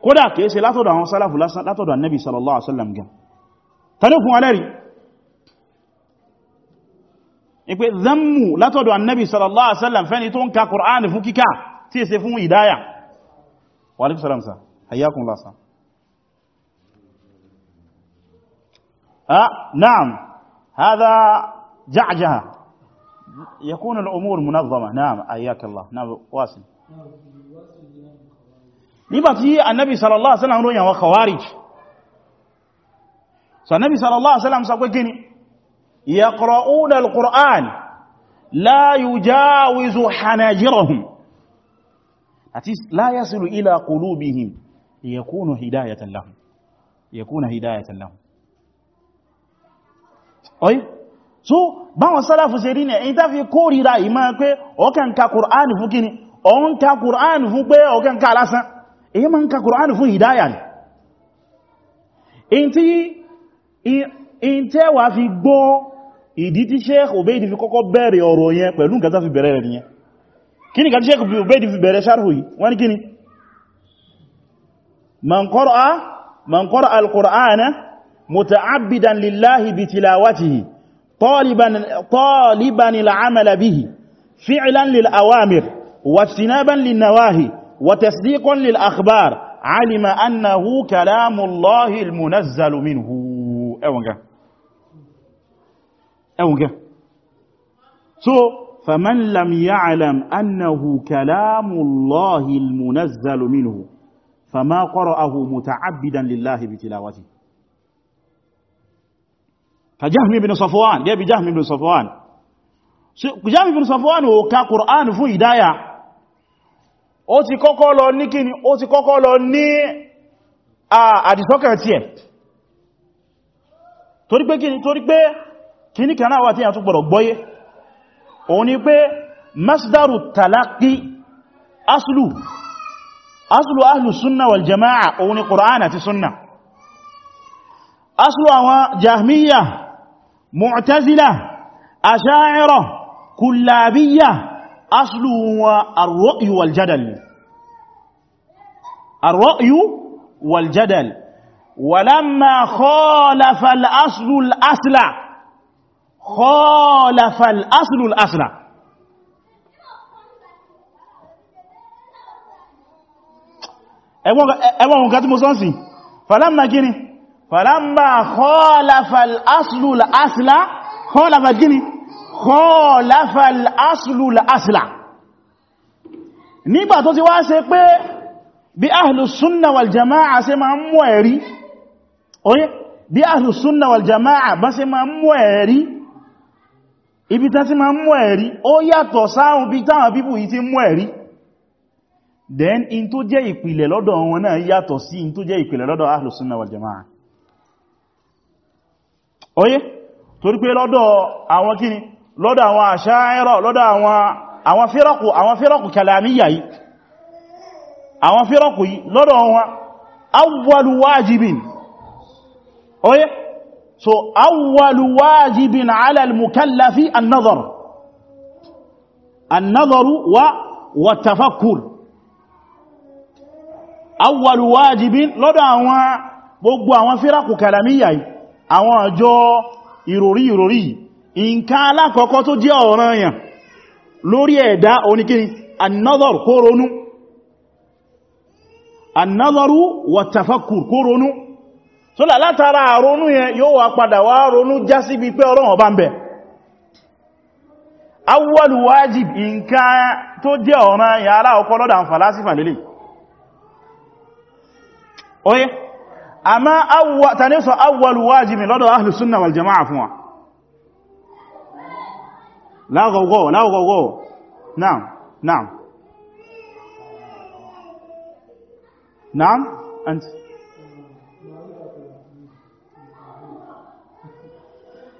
kódà kìí ṣe látọ̀dọ̀ àwọn sálàfù lásán látọ̀dọ̀ annabi sallallahu alaihi wasallam gan tani fún alẹ́rí ìpé zammu látọ̀dọ̀ annabi sallallahu alaihi wasallam fẹ́ni tó ń ka Kùránì fún kíkà tí ṣe fún hìdáyà wa alaikum حياكم الله صح آه نعم هذا جعجها يكون الأمور منظمة نعم أياك الله نعم واسم نبتي النبي صلى الله عليه وسلم رؤيا وخوارج فالنبي صلى الله عليه وسلم سأقول كني يقرؤون القرآن لا يجاوز حناجرهم لا يصل إلى قلوبهم يكون هداية لهم يكون هداية لهم so báwọn sálàfù ṣe rí ní ẹ̀yìn tá fi kórìíra ìmá pé ọkàn ka kùránì fún kíni ọ̀n ka kùránì fún pé ọkàn ka lásán èyí ma ń ka kùránì fún ìdáyà fi gbọ́ ìdí tí Sheikh fi kọ́kọ́ bẹ̀rẹ̀ ọ̀rọ̀ yẹn pẹ̀lú fi Sheikh fi gini. من قرأ من قرأ القرآن متعبدا لله بتلاوته طالبا طالبا العمل به فعلا للأوامر واجتنابا للنواهي وتصديقا للأخبار علم أنه كلام الله المنزل منه أونجا أونجا سو فمن لم يعلم أنه كلام الله المنزل منه فما قرأه متعبدا لله بتلاوته فجهم بن صفوان دي بجهم بن صفوان جهم بن صفوان هو كقرآن Qur'an fún ìdáyà ó ti kọ́kọ́ lọ ní kíni ó ti kọ́kọ́ lọ ní àdìsọ́kẹ̀ tí ẹ̀ torí pé kíni torí pé kíní kanáà wà tí a tún gbọ́dọ̀ gbọ́yé òun ni pé masdaru talaqi aslu aslu ahlu sunna wal jama'a òun ni qur'an àti sunna aslu àwọn jahmiya mu'tazila asha'ira kullabiya aslu wa ar-ra'yu wal jadal ar-ra'yu wal jadal ولما خالف الأصل الأصل خالف الأصل الأصل ẹwọ́n nǹkan tí mo sọ́n sí falamma gini falamma khalafal aslu la asla khalafal gini khalafal aslu la asla nígbà tó ti wá ṣe pé bí ahlus sunna wal jama'a ṣe ma ń mú ẹ̀rí oye bí ahlus sunna jama'a bá ṣe ma ń mú ẹ̀rí ibi tán ti ma ń mú ẹ̀rí ó yàtọ̀ sáhùn bí táwọn bíbù yìí ti mú ẹ̀rí then in tó jẹ́ ìpìlẹ̀ lọ́dọ̀ wọn náà yàtọ̀ sí in tó jẹ́ ìpìlẹ̀ lọ́dọ̀ ahlus sunnah wal jamaa oye torí pé lọ́dọ̀ àwọn kíni lọ́dọ̀ àwọn àṣáẹ́rọ̀ lọ́dọ̀ àwọn fírọ̀kù àwọn fírọ̀kù kàlàmíyà yìí àwọn fírọ̀kù yìí lọ́dọ̀ wọn awwalu wajibin oye so awwalu wajibin ala al-mukallafi an-nadhar an-nadharu wa wa tafakkur awwal wajibin lọ́dọ̀ àwọn gbogbo àwọn fírakù kàlàmíyà àwọn àjọ ìròrí ìròrí nǹkan alákọ̀ọ́kọ́ tó jẹ́ ọ̀ranyàn lórí ẹ̀dá oníkíní an-nazar kó ronú an-nazaru wa tafakkur kó ronú tó látara àrónú yẹn yóò wà padà wá ronú já síbi pé Ọlọ́run ọba ń bẹ awwal wajib nǹkan tó jẹ́ ọ̀ranyàn ará ọkọ́ lọ́dọ̀ oye a ma ta ní sọ awwal wajibi lodo ahlu sunna wal jama'a fún wa lágọ̀gọ̀ lágọ̀gọ̀ naam naam naam and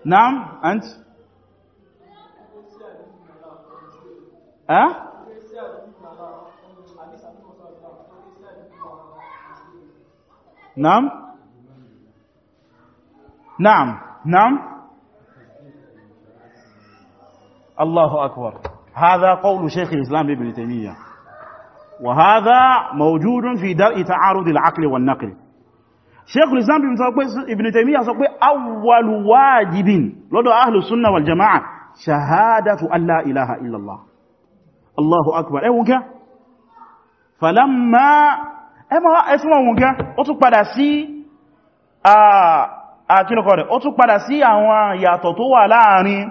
naam eh نعم نعم نعم الله أكبر هذا قول شيخ الإسلام ابن تيمية وهذا موجود في درء تعارض العقل والنقل شيخ الإسلام ابن تيمية أول واجب لدى أهل السنة والجماعة شهادة أن لا إله إلا الله الله أكبر أيها فلما ẹsùn wọn gan ó tún padà sí àkílùkọ́ rẹ̀ ó tún padà sí àwọn ìyàtọ̀ tó wà láàrin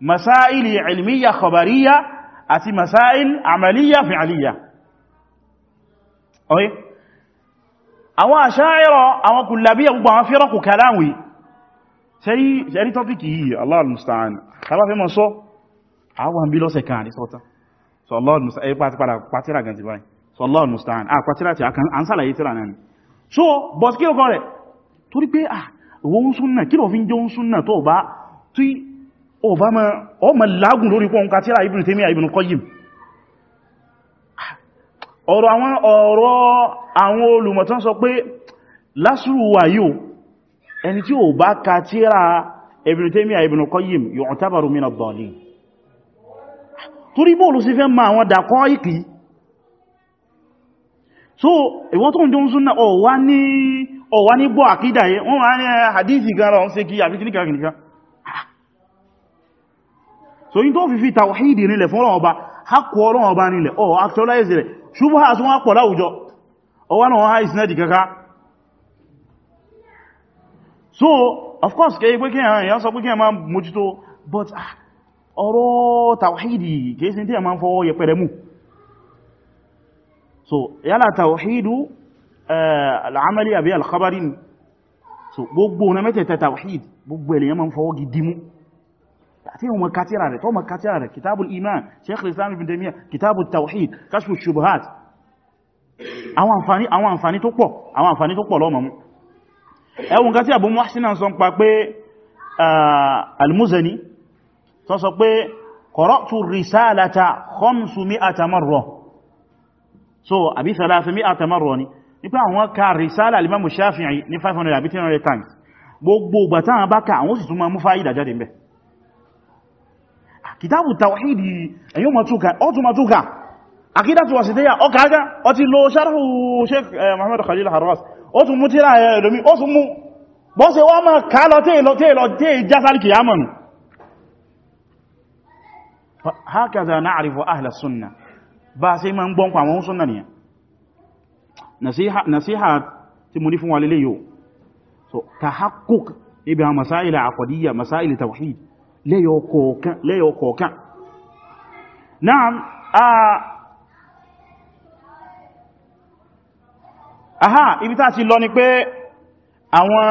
masáìlì ilmiya khabariya àti masáìl amaliya fi'aliya oye àwọn àṣáyẹ̀rọ àwọn kùlàbíyà gbogbo àwọn fírọkù kaláwì ṣẹ́rí tọ́fíkì yìí Allah al-musta'an tàbáfẹ́ mọ́ sọ àwọn àbílọ́sẹ̀ kan àdísọ́ta so Allah al-musta'an pàtíra sọlọ́ọ̀ musta'an a pàtíra ti àǹsàlàyé tíra náà ni so but kí o kọ́ rẹ̀ torí pé à owó ń súnnà kí lọ fi ń jẹ́ ń súnnà tó bá tí o bá mọ́ ọmọ lágùn lórí pọ́n ká tíra Ibn Taymiyyah Ibn Qayyim ọ̀rọ̀ àwọn olùmọ̀tán sọ pé lásùrù wà yóò o bá ka tíra Ibn Taymiyyah Ibn Qayyim yu'tabaru min ad-dhalin torí bóòlù sí so ìwọ́n tó ń jọ ń súnnà ọ̀wá ní gbọ́ àkídà yẹ wọ́n wá ní ah, hadithi gara ọ̀n sí kí So, níkà kìníkà so yí tó fi fi tàwàhídì nílẹ̀ fún ọlọ́ọ̀ba nile. ọlọ́ọ̀ba nílẹ̀ ọ̀ actualize ha ṣubúhà tí wọ́n pọ̀ láwùjọ ọwá náà ha ìsinẹ́dì kaka so of course kẹ́ ya sọ but ah, a so yálà tawhidu eh, al'amali àbí al-khabari ni so gbogbo na mẹ́tẹ̀ẹ̀ta tawhid gbogbo èlèyàn ma ń fọwọ́ gidi mú àti ìwọ̀n katira rẹ̀ tọ́mọ̀ katira rẹ̀ kitabul iman sheikh islam ibn taymiya kitabul tawhid kashfu shubuhat àwọn àǹfààní àwọn àǹfààní tó pọ̀ àwọn àǹfààní tó pọ̀ lọ́mọ̀ mú ẹwùn kan tí Abu Muhsin sọ pa pé eh, al-Muzani tó sọ pé qara'tu risalata khamsumi'ata marra so àbí sàlásàmí àtàmọ́rọ̀ ni nípa àwọn ka risala alimamu shafi'i ní 500 àbí 300 times gbogbo ìgbà táwọn bá ka àwọn sì tún ma mú fáyídà jáde ń bẹ̀ kìtàbù tàwàhídì ẹ̀yọ́ ma túnkà àkídàtù wàsítíyà ọkàágá ó ti lo sharhu sheikh eh, muhammad khalil harras ó tún mú tíra eh, ẹ̀lòmí ó tún mú bọ́sẹ̀ wọ́n ma ká bá ṣe ma ń gbọ́nkọ àwọn súnnà nìyàn nasiha tí mo ní fún wa yóò so tahakkuk níbi àwọn masáìlì àkọ̀díyà masáìlì tawhid lẹ́yọ kọ̀ọ̀kan náà aha ibi tá ti lọ ni pé àwọn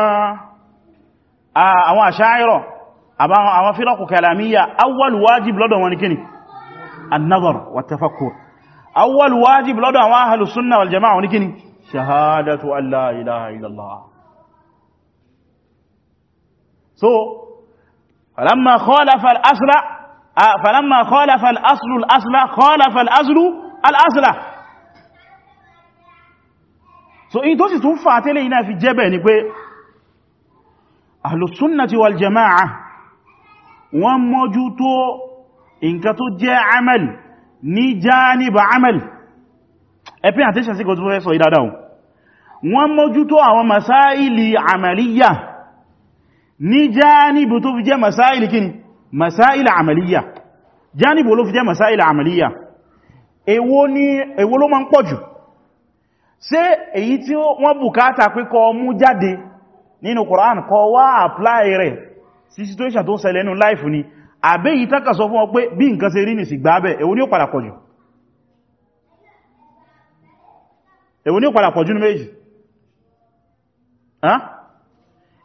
àwọn àṣáyírọ̀ àwọn fírọ̀kù kalamiyya awwal wajib lọ́dọ̀ wọn ni kíni an wa tafakkur awwal wajib lọ́dọ̀ àwọn ahàlù súnnà wal jama'a ní kíni ṣahádàtù alla ilaha illallah so falamma khalafa al-asla falamma khalafa al-aslu al-asla so in tó sì tún fàtẹ́lẹ̀ iná fi jẹ́bẹ̀ ni pé ahàlù súnnà ti wal jama'a wọ́n mójútó nǹkan tó jẹ́ amal ní jánibà amal ẹ̀pẹ́ attention sí gọ́tún fẹ́sọ̀ ìdádáun wọ́n mójútó àwọn masáìlì àmàlíyà ní jánibù tó fi jẹ́ masáìlì kí masáìlì àmàlíyà jánibù ló fi jẹ́ masáìlì àmàlíyà èwo ló máa ń pọ̀jù ṣé èyí tí wọ́n bùkátà pé kó mú jáde nínú Qur'an kó wá apply rẹ̀ sí situation tó ṣẹlẹ̀ nínú life ni àbẹ́ yìí tákà sọ fún ọ pé bí nǹkan ṣe rí nìsì gbábẹ̀ èwo ni ó padà pọ̀jù èwo ni ó padà pọ̀jù ní méjì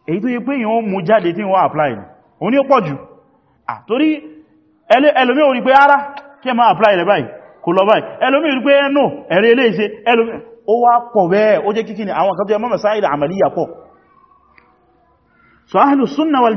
èyí tó yẹ pé yíò mú jáde tí wọ́n apply ní òun ni ó pọ̀jù àtorí ẹlòmí orí pé ara kí ẹ máa apply rẹ̀ báyìí kò lọ báyìí ẹlòmí orí pé ẹnù ẹ̀rẹ́ ilé iṣẹ́ ẹlòmí ó wá pọ̀ bẹ́ẹ̀ ó jẹ́ kíkí ni àwọn kan tó yẹ mọ́mọ̀ sáìdà so ahlus sunnah wal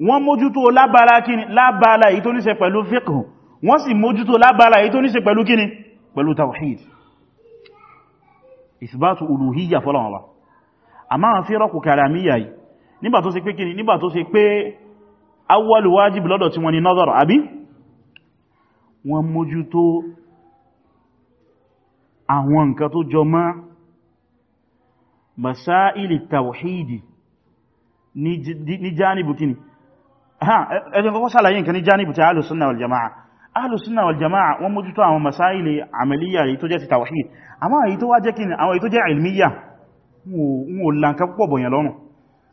wọ́n mójútó lábala kíni lábala èyí tó ní ṣe pẹ̀lú fiqh wọ́n sì mójútó lábala èyí tó ní ṣe pẹ̀lú kíni pẹ̀lú tawhid ìsìbátù olùhíyà fọ́lọ̀wọ́wà a máa fi rọ́kù kàràmíyà yìí nígbà tó ṣe pé kíni nígbà tó ṣe pé awwal wájib lọ́dọ̀ tí ni nazar àbí ẹjẹ́ kọ́kọ́ sàlàyé nǹkan ní jánibù ti alùsùnà wal jama'a alùsùnà wal jama'a wọ́n mójútó àwọn masáìlì àmàlíyà èyí tó jẹ́ ti tawhid àmá èyí tó wá jẹ́ kí àwọn èyí tó jẹ́ ilmiya wọn ò lankan púpọ̀ bọ̀yàn lọ́nà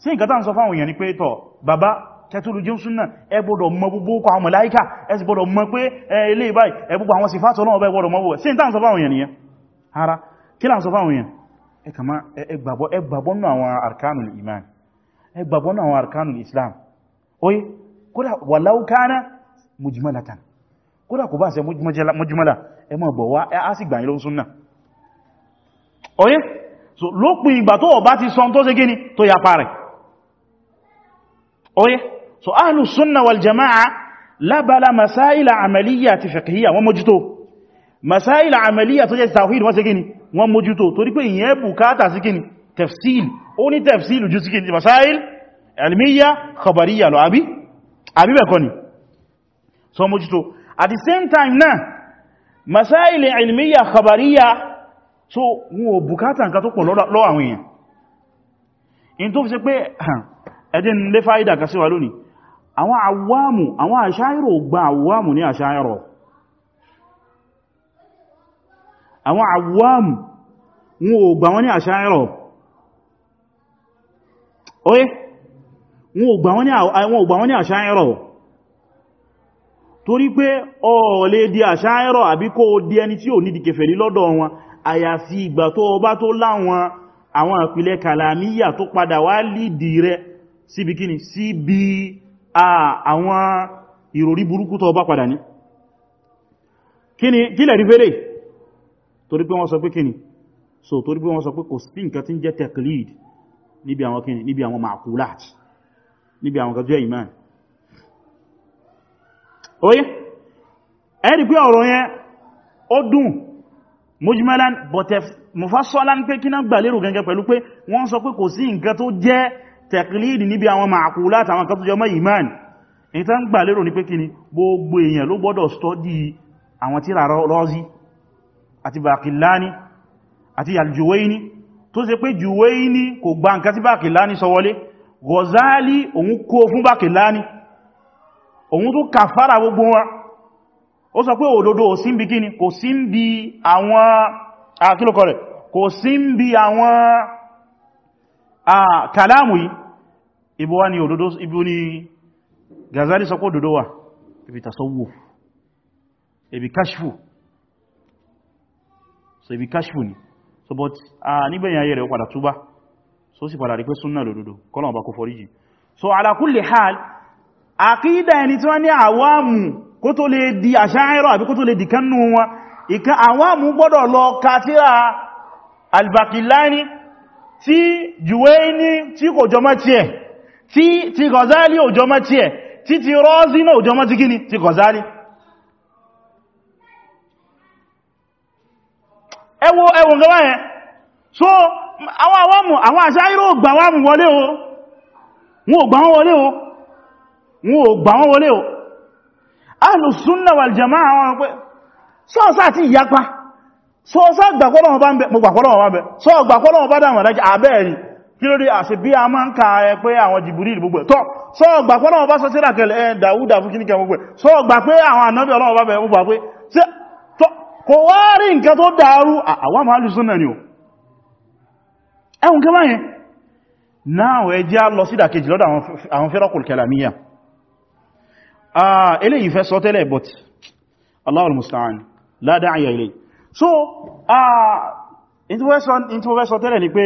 sí nǹkan tán sọ fáwọn èèyàn ni pé tọ̀ bàbá tẹ́tùrù jẹ́ súnà ẹ gbọ́dọ̀ mọ gbogbo kọ àwọn màláíkà ẹ sì gbọ́dọ̀ mọ pé ilé ìbáyìí ẹ gbogbo àwọn sífàtọ̀ náà ọbẹ̀ gbọ́dọ̀ mọ́wọ́ sí ìtàn sọ islam oye kódà walau kana mujmalatan kódà kò bá ṣe mujmala ẹ mọ̀ bọ̀ wá á sì gbàyìn lóhun súnnà ọ̀yẹ́ so lópin ìgbà tó ọba ti sọ tó ṣe gíní tó yapa rẹ̀ ọ̀yẹ́ so ahlu súnnà wal jama'a lábala masáìlà àmàlíyà àti fiqhiyya wọ́n mójútó masáìlà àmàlíyà tó jẹ́ tawhid wọ́n ṣe gíní wọ́n mójútó torí pé ìyẹn bùkátà sí gíní tafsil ó ní tafsil jù sí gíní masáìl almiyya khabariyya lọ àbí àbí bẹ́ẹ̀ kọ́ ni so mójútó at the same time náà masáìlì ilmiya khabariya so wọn ò bùkátà nǹkan tó pọ̀ lọ́wọ́ àwọn èèyàn in tó fi ṣe pé ẹdín lé fáìdà kà sí wa lónìí àwọn àwámù àwọn àṣáyìrò gba àwámù ní àṣáyìrò àwọn àwámù wọn ò gbà wọn ní àṣáyìrò oye okay? wọn ò gbà wọ́n ní àṣáyẹ́rọ̀ torí pé ọ̀ọ̀lẹ́ di àṣáyẹ́rọ̀ àbí kó di ẹni tí ò ní di kèfèrí lọ́dọ̀ wọn àyàfi ìgbà tó ọba tó láwọn àwọn àpìlẹ̀ kàlàmíyà tó padà wá lìdì rẹ síbi kíni síbi àwọn ìròrí burúkú tó ọba padà ní so torí pé wọ́n sọ pé kò sí nǹkan tí ń jẹ́ taqlid níbi àwọn kíni níbi àwọn ma'kulat níbi àwọn kàtọ́ ìmán oye ẹ̀rí pé ọ̀rọ̀ yẹn ó dùn mujmalan bọ̀tẹ̀ mufassalan pé kí náà gbà lérò gẹ́gẹ́ pẹ̀lú pé wọ́n sọ pé kò sí nǹkan tó jẹ́ taqlid níbi àwọn ma'qulat àwọn kan tó jẹ́ mọ́ ìmán ní tán gbà lérò ní pé kí ni gbogbo èèyàn ló gbọ́dọ̀ stọ́dí àwọn tíra Razi àti Baqillani àti al tó ṣe pé Juwayni kò gba nǹkan tí Baqillani sọ wọlé Ghazali òun kó fún Baqillani òun tó kàfàrà gbogbo wọn ó sọ pé òdodo ò sí ń bí kíni kò sí ń bí àwọn àkílòkọ rẹ̀ kò sí ń bí àwọn kàlámù yìí ibi wá ni òdodo ibi ni Ghazali sọ pé òdodo wà ibi tasawuf ibi kashfu so ibi kashfu ni so but nígbẹ̀yìn ayẹ́ rẹ̀ ó padà túbá so sì padà rí pé súnnà lòdòdó kọ́nà ọba kò foríjì so ala kulli hal àkídà ẹni tí wọ́n ní àwámù kó tó lè di àṣáyẹ́rọ àbí kó tó lè di kannú wọn ìkan àwámù gbọ́dọ̀ lọ kàtíra albakilani tí juwaini tí kò jọmọ́ tí ẹ̀ tí ti gọ̀zálì ò jọmọ́ so àwọn àwọ́mù àwọn àṣáírò ògbà wọ́n mú wọlé o wọ́n ògbà wọ́n wọlé o wọ́n ògbà wọ́n wọlé o alùsúnnà wal jama'a àwọn ọ̀pẹ́ sọ́ọ̀sá ti yapa sọ́ọ̀sá gbàkọ́lọ̀ kí ló dé àṣẹ bí a máa ń ka ẹ pé àwọn jìbìrí gbogbo ẹ̀ tọ́ sọ́ọ̀gbà pé Ọlọ́run bá sọ sí ràkẹ̀lẹ̀ ẹ dàúdà fún kíníkẹ gbogbo ẹ̀ sọ́ọ̀gbà pé àwọn ànábì Ọlọ́run bá bẹ̀ gbogbo pé kò wá rí nǹkan tó dàrú àwọn àmàlùsùn náà ni o ẹ̀hùn kẹwàá yẹn náà wẹ́ jẹ́ lọ sí ìdàkejì lọ́dọ̀ àwọn fẹ́rọ̀kùl kẹlàmíyà eléyìí fẹ́ sọ tẹ́lẹ̀ but Allahul musta'an la da'iya ilayhi so into fẹ́ sọ tẹ́lẹ̀ ni pé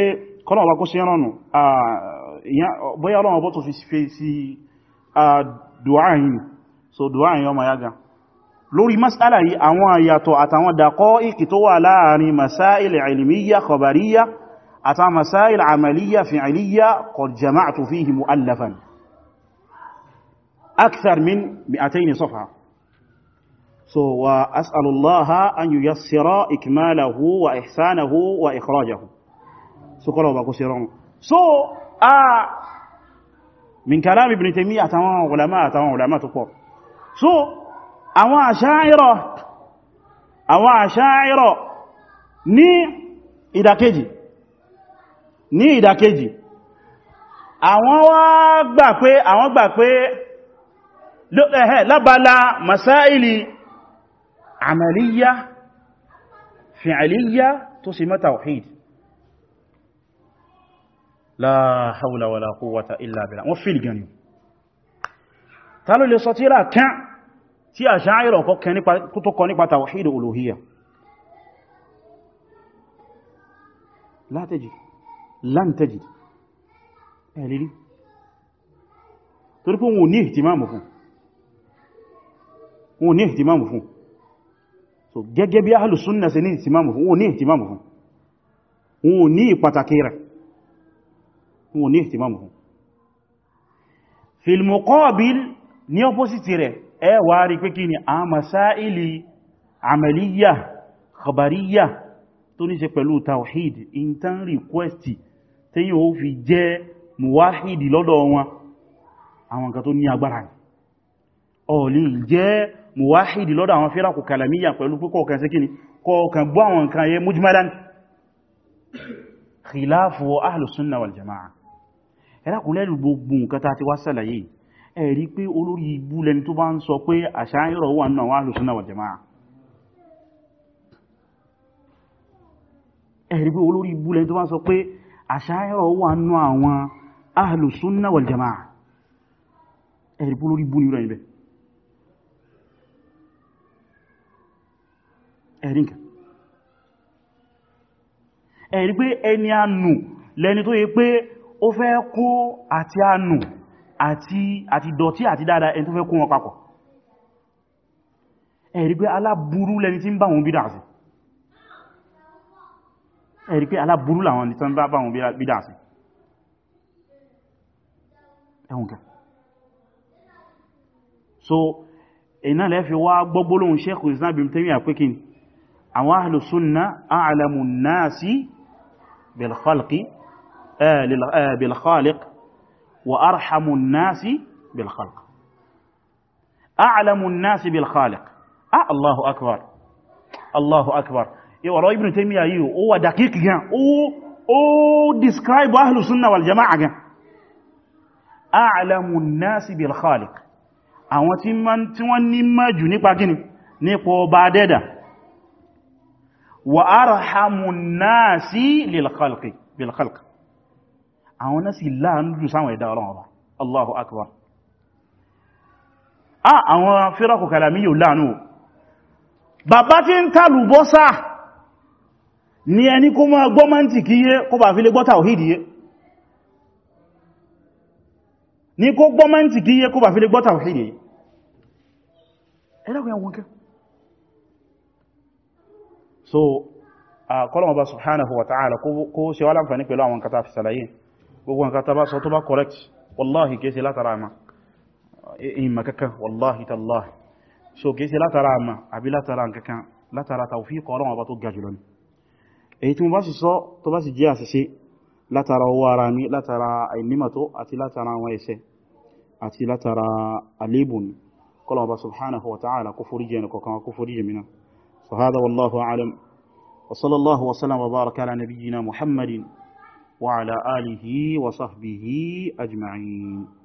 kọ́nà ọba kó sí ẹranù bóyá ọlọ́run ọbọ́ tó fi so du'a yìí ọmọ yága lórí mas'ala yìí àwọn àyàtọ̀ àtàwọn daqa'iq tó wà láàrin masáìlì ilmiyya khabariyya أتى مسائل عملية فعلية قد جمعت فيه مؤلفا أكثر من مئتين so, وأسأل الله أن ييسر إكماله وإحسانه وإخراجه سكره وكسره سو من كلام ابن تيمية تمام علماء تمام علماء تقول سو أوا شاعرة أوا شاعرة ني إذا كجي ní ìdàkejì àwọn wá gbà pé àwọn gbà pé lábala masáìlì àmàlíyá fi'aliyya tó sì mọ́ tawhid la hawla wala quwwata illa billah wọ́n fìlì gani ta ló lè sọ tí rà tí a ṣáàrọ̀ tó nípa tawhid uluhiyya látẹ̀jì lan tajid ẹ̀rírí torí pé wọn ò ní ìhìtìmáàmù fún wọn ò ní ìhìtìmáàmù fún so gẹ́gẹ́ bí ahlu sunna ṣe ní ìhìtìmáàmù fún wọn ò ní ìhìtìmáàmù fún wọn ò ní ìpàtàkì rẹ̀ wọn ò ní fún fil muqabil ní opposite rẹ̀ ẹ wá rí pé kí ni a masáìlì amaliyya khabariyya tó ní tí yóò fi jẹ́ muwahidi lọ́dọ̀ wọn àwọn nǹkan tó ní agbára ni ó lè jẹ́ muwahidi lọ́dọ̀ àwọn fírakù kalamiya pẹ̀lú pé kọ̀ọ̀kan sí kíni kọ̀ọ̀kan bọ́ àwọn nǹkan yẹ mujmalan khilafu ahlus sunna wal jama'a ẹ̀rákùnlẹ́lù gbogbo nǹkan tá ti wá sàlàyé ẹ̀rí pé olórí ibú lẹni tó wal jama'a ẹ̀rí pé olórí ibú lẹni tó bá ń sọ pé àṣáyẹ̀rọ wà nú àwọn ahlu sunna wal jamaa ẹ̀rì bú lórí bú ní rẹ̀ ibẹ̀ ẹ̀rí nǹkan ẹ̀rí pé ẹni ànù lẹni tó yẹ pé ó fẹ́ kó àti ànù àti dọ̀tí àti dáadáa ẹni tó fẹ́ kó wọn papọ̀ ẹ̀rí pé aláburú lẹni tí ń bá wọn bídà sí ẹ̀rí pé aláburú làwọn ní tán bá bá wọn bí dáa sí ẹ̀hùn kẹ so iná lẹ́ fi wá gbọ́gbọ́lóhun Sheikhul Islam bin Taymiyyah àpékin àwọn ahlu sunna a'lamu nasi bil khalqi wa arhamu nasi bil khalq a'lamu nasi bil khaliq ah Allahu akbar Allahu akbar ọ̀rọ̀ Ibn Taymiyyah yìí ó wà dàkíkì gan ó describe ahlu sunna wal jama'a gan a'lamu an-nasi bil khaliq àwọn tí wọ́n ní mẹ́jù nípa gíní nípa ọba dẹ́dà wa arhamu an-nasi lil khalqi bil khalq àwọn náà sì láàánú jù sáwọn ẹ̀dá Ọlọ́run Allahu akbar ah àwọn fíràkù kalami yóò láàánú bàbá tí ń tàlùbọ́sá ní ẹni kó máa gbọ́ mantiki yé kó bá fi lè gbọ́ tàwíìdì yé ní kó gbọ́ mantiki yé kó bá fi lè gbọ́ tàwíìdì yé ẹlẹ́gbẹ̀ẹ́ wọn kẹ́ so kọ́lọ̀mọ̀ bá subhanahu wa ta'ala kó ṣe wá láǹfàní pẹ̀lú àwọn kata fi sàlàyé gbogbo nǹkan tàbá sọ tó bá correct wallahi kéèsì látara àmà in makakan wallahi tallahi so kéèsì látara àmà àbí látara nǹkankan látara tawfiq Ọlọ́run tó gajulọ ni ايتم باس سو توباس جياس سي لا ترى وارامي لا ترى اي نيمتو اتي لا ترى ويسي اتي لا ترى اليبون قال الله سبحانه وتعالى كفرج انك كما كفرج منا فهذا والله اعلم وصلى الله وسلم وبارك على نبينا محمد وعلى اله وصحبه اجمعين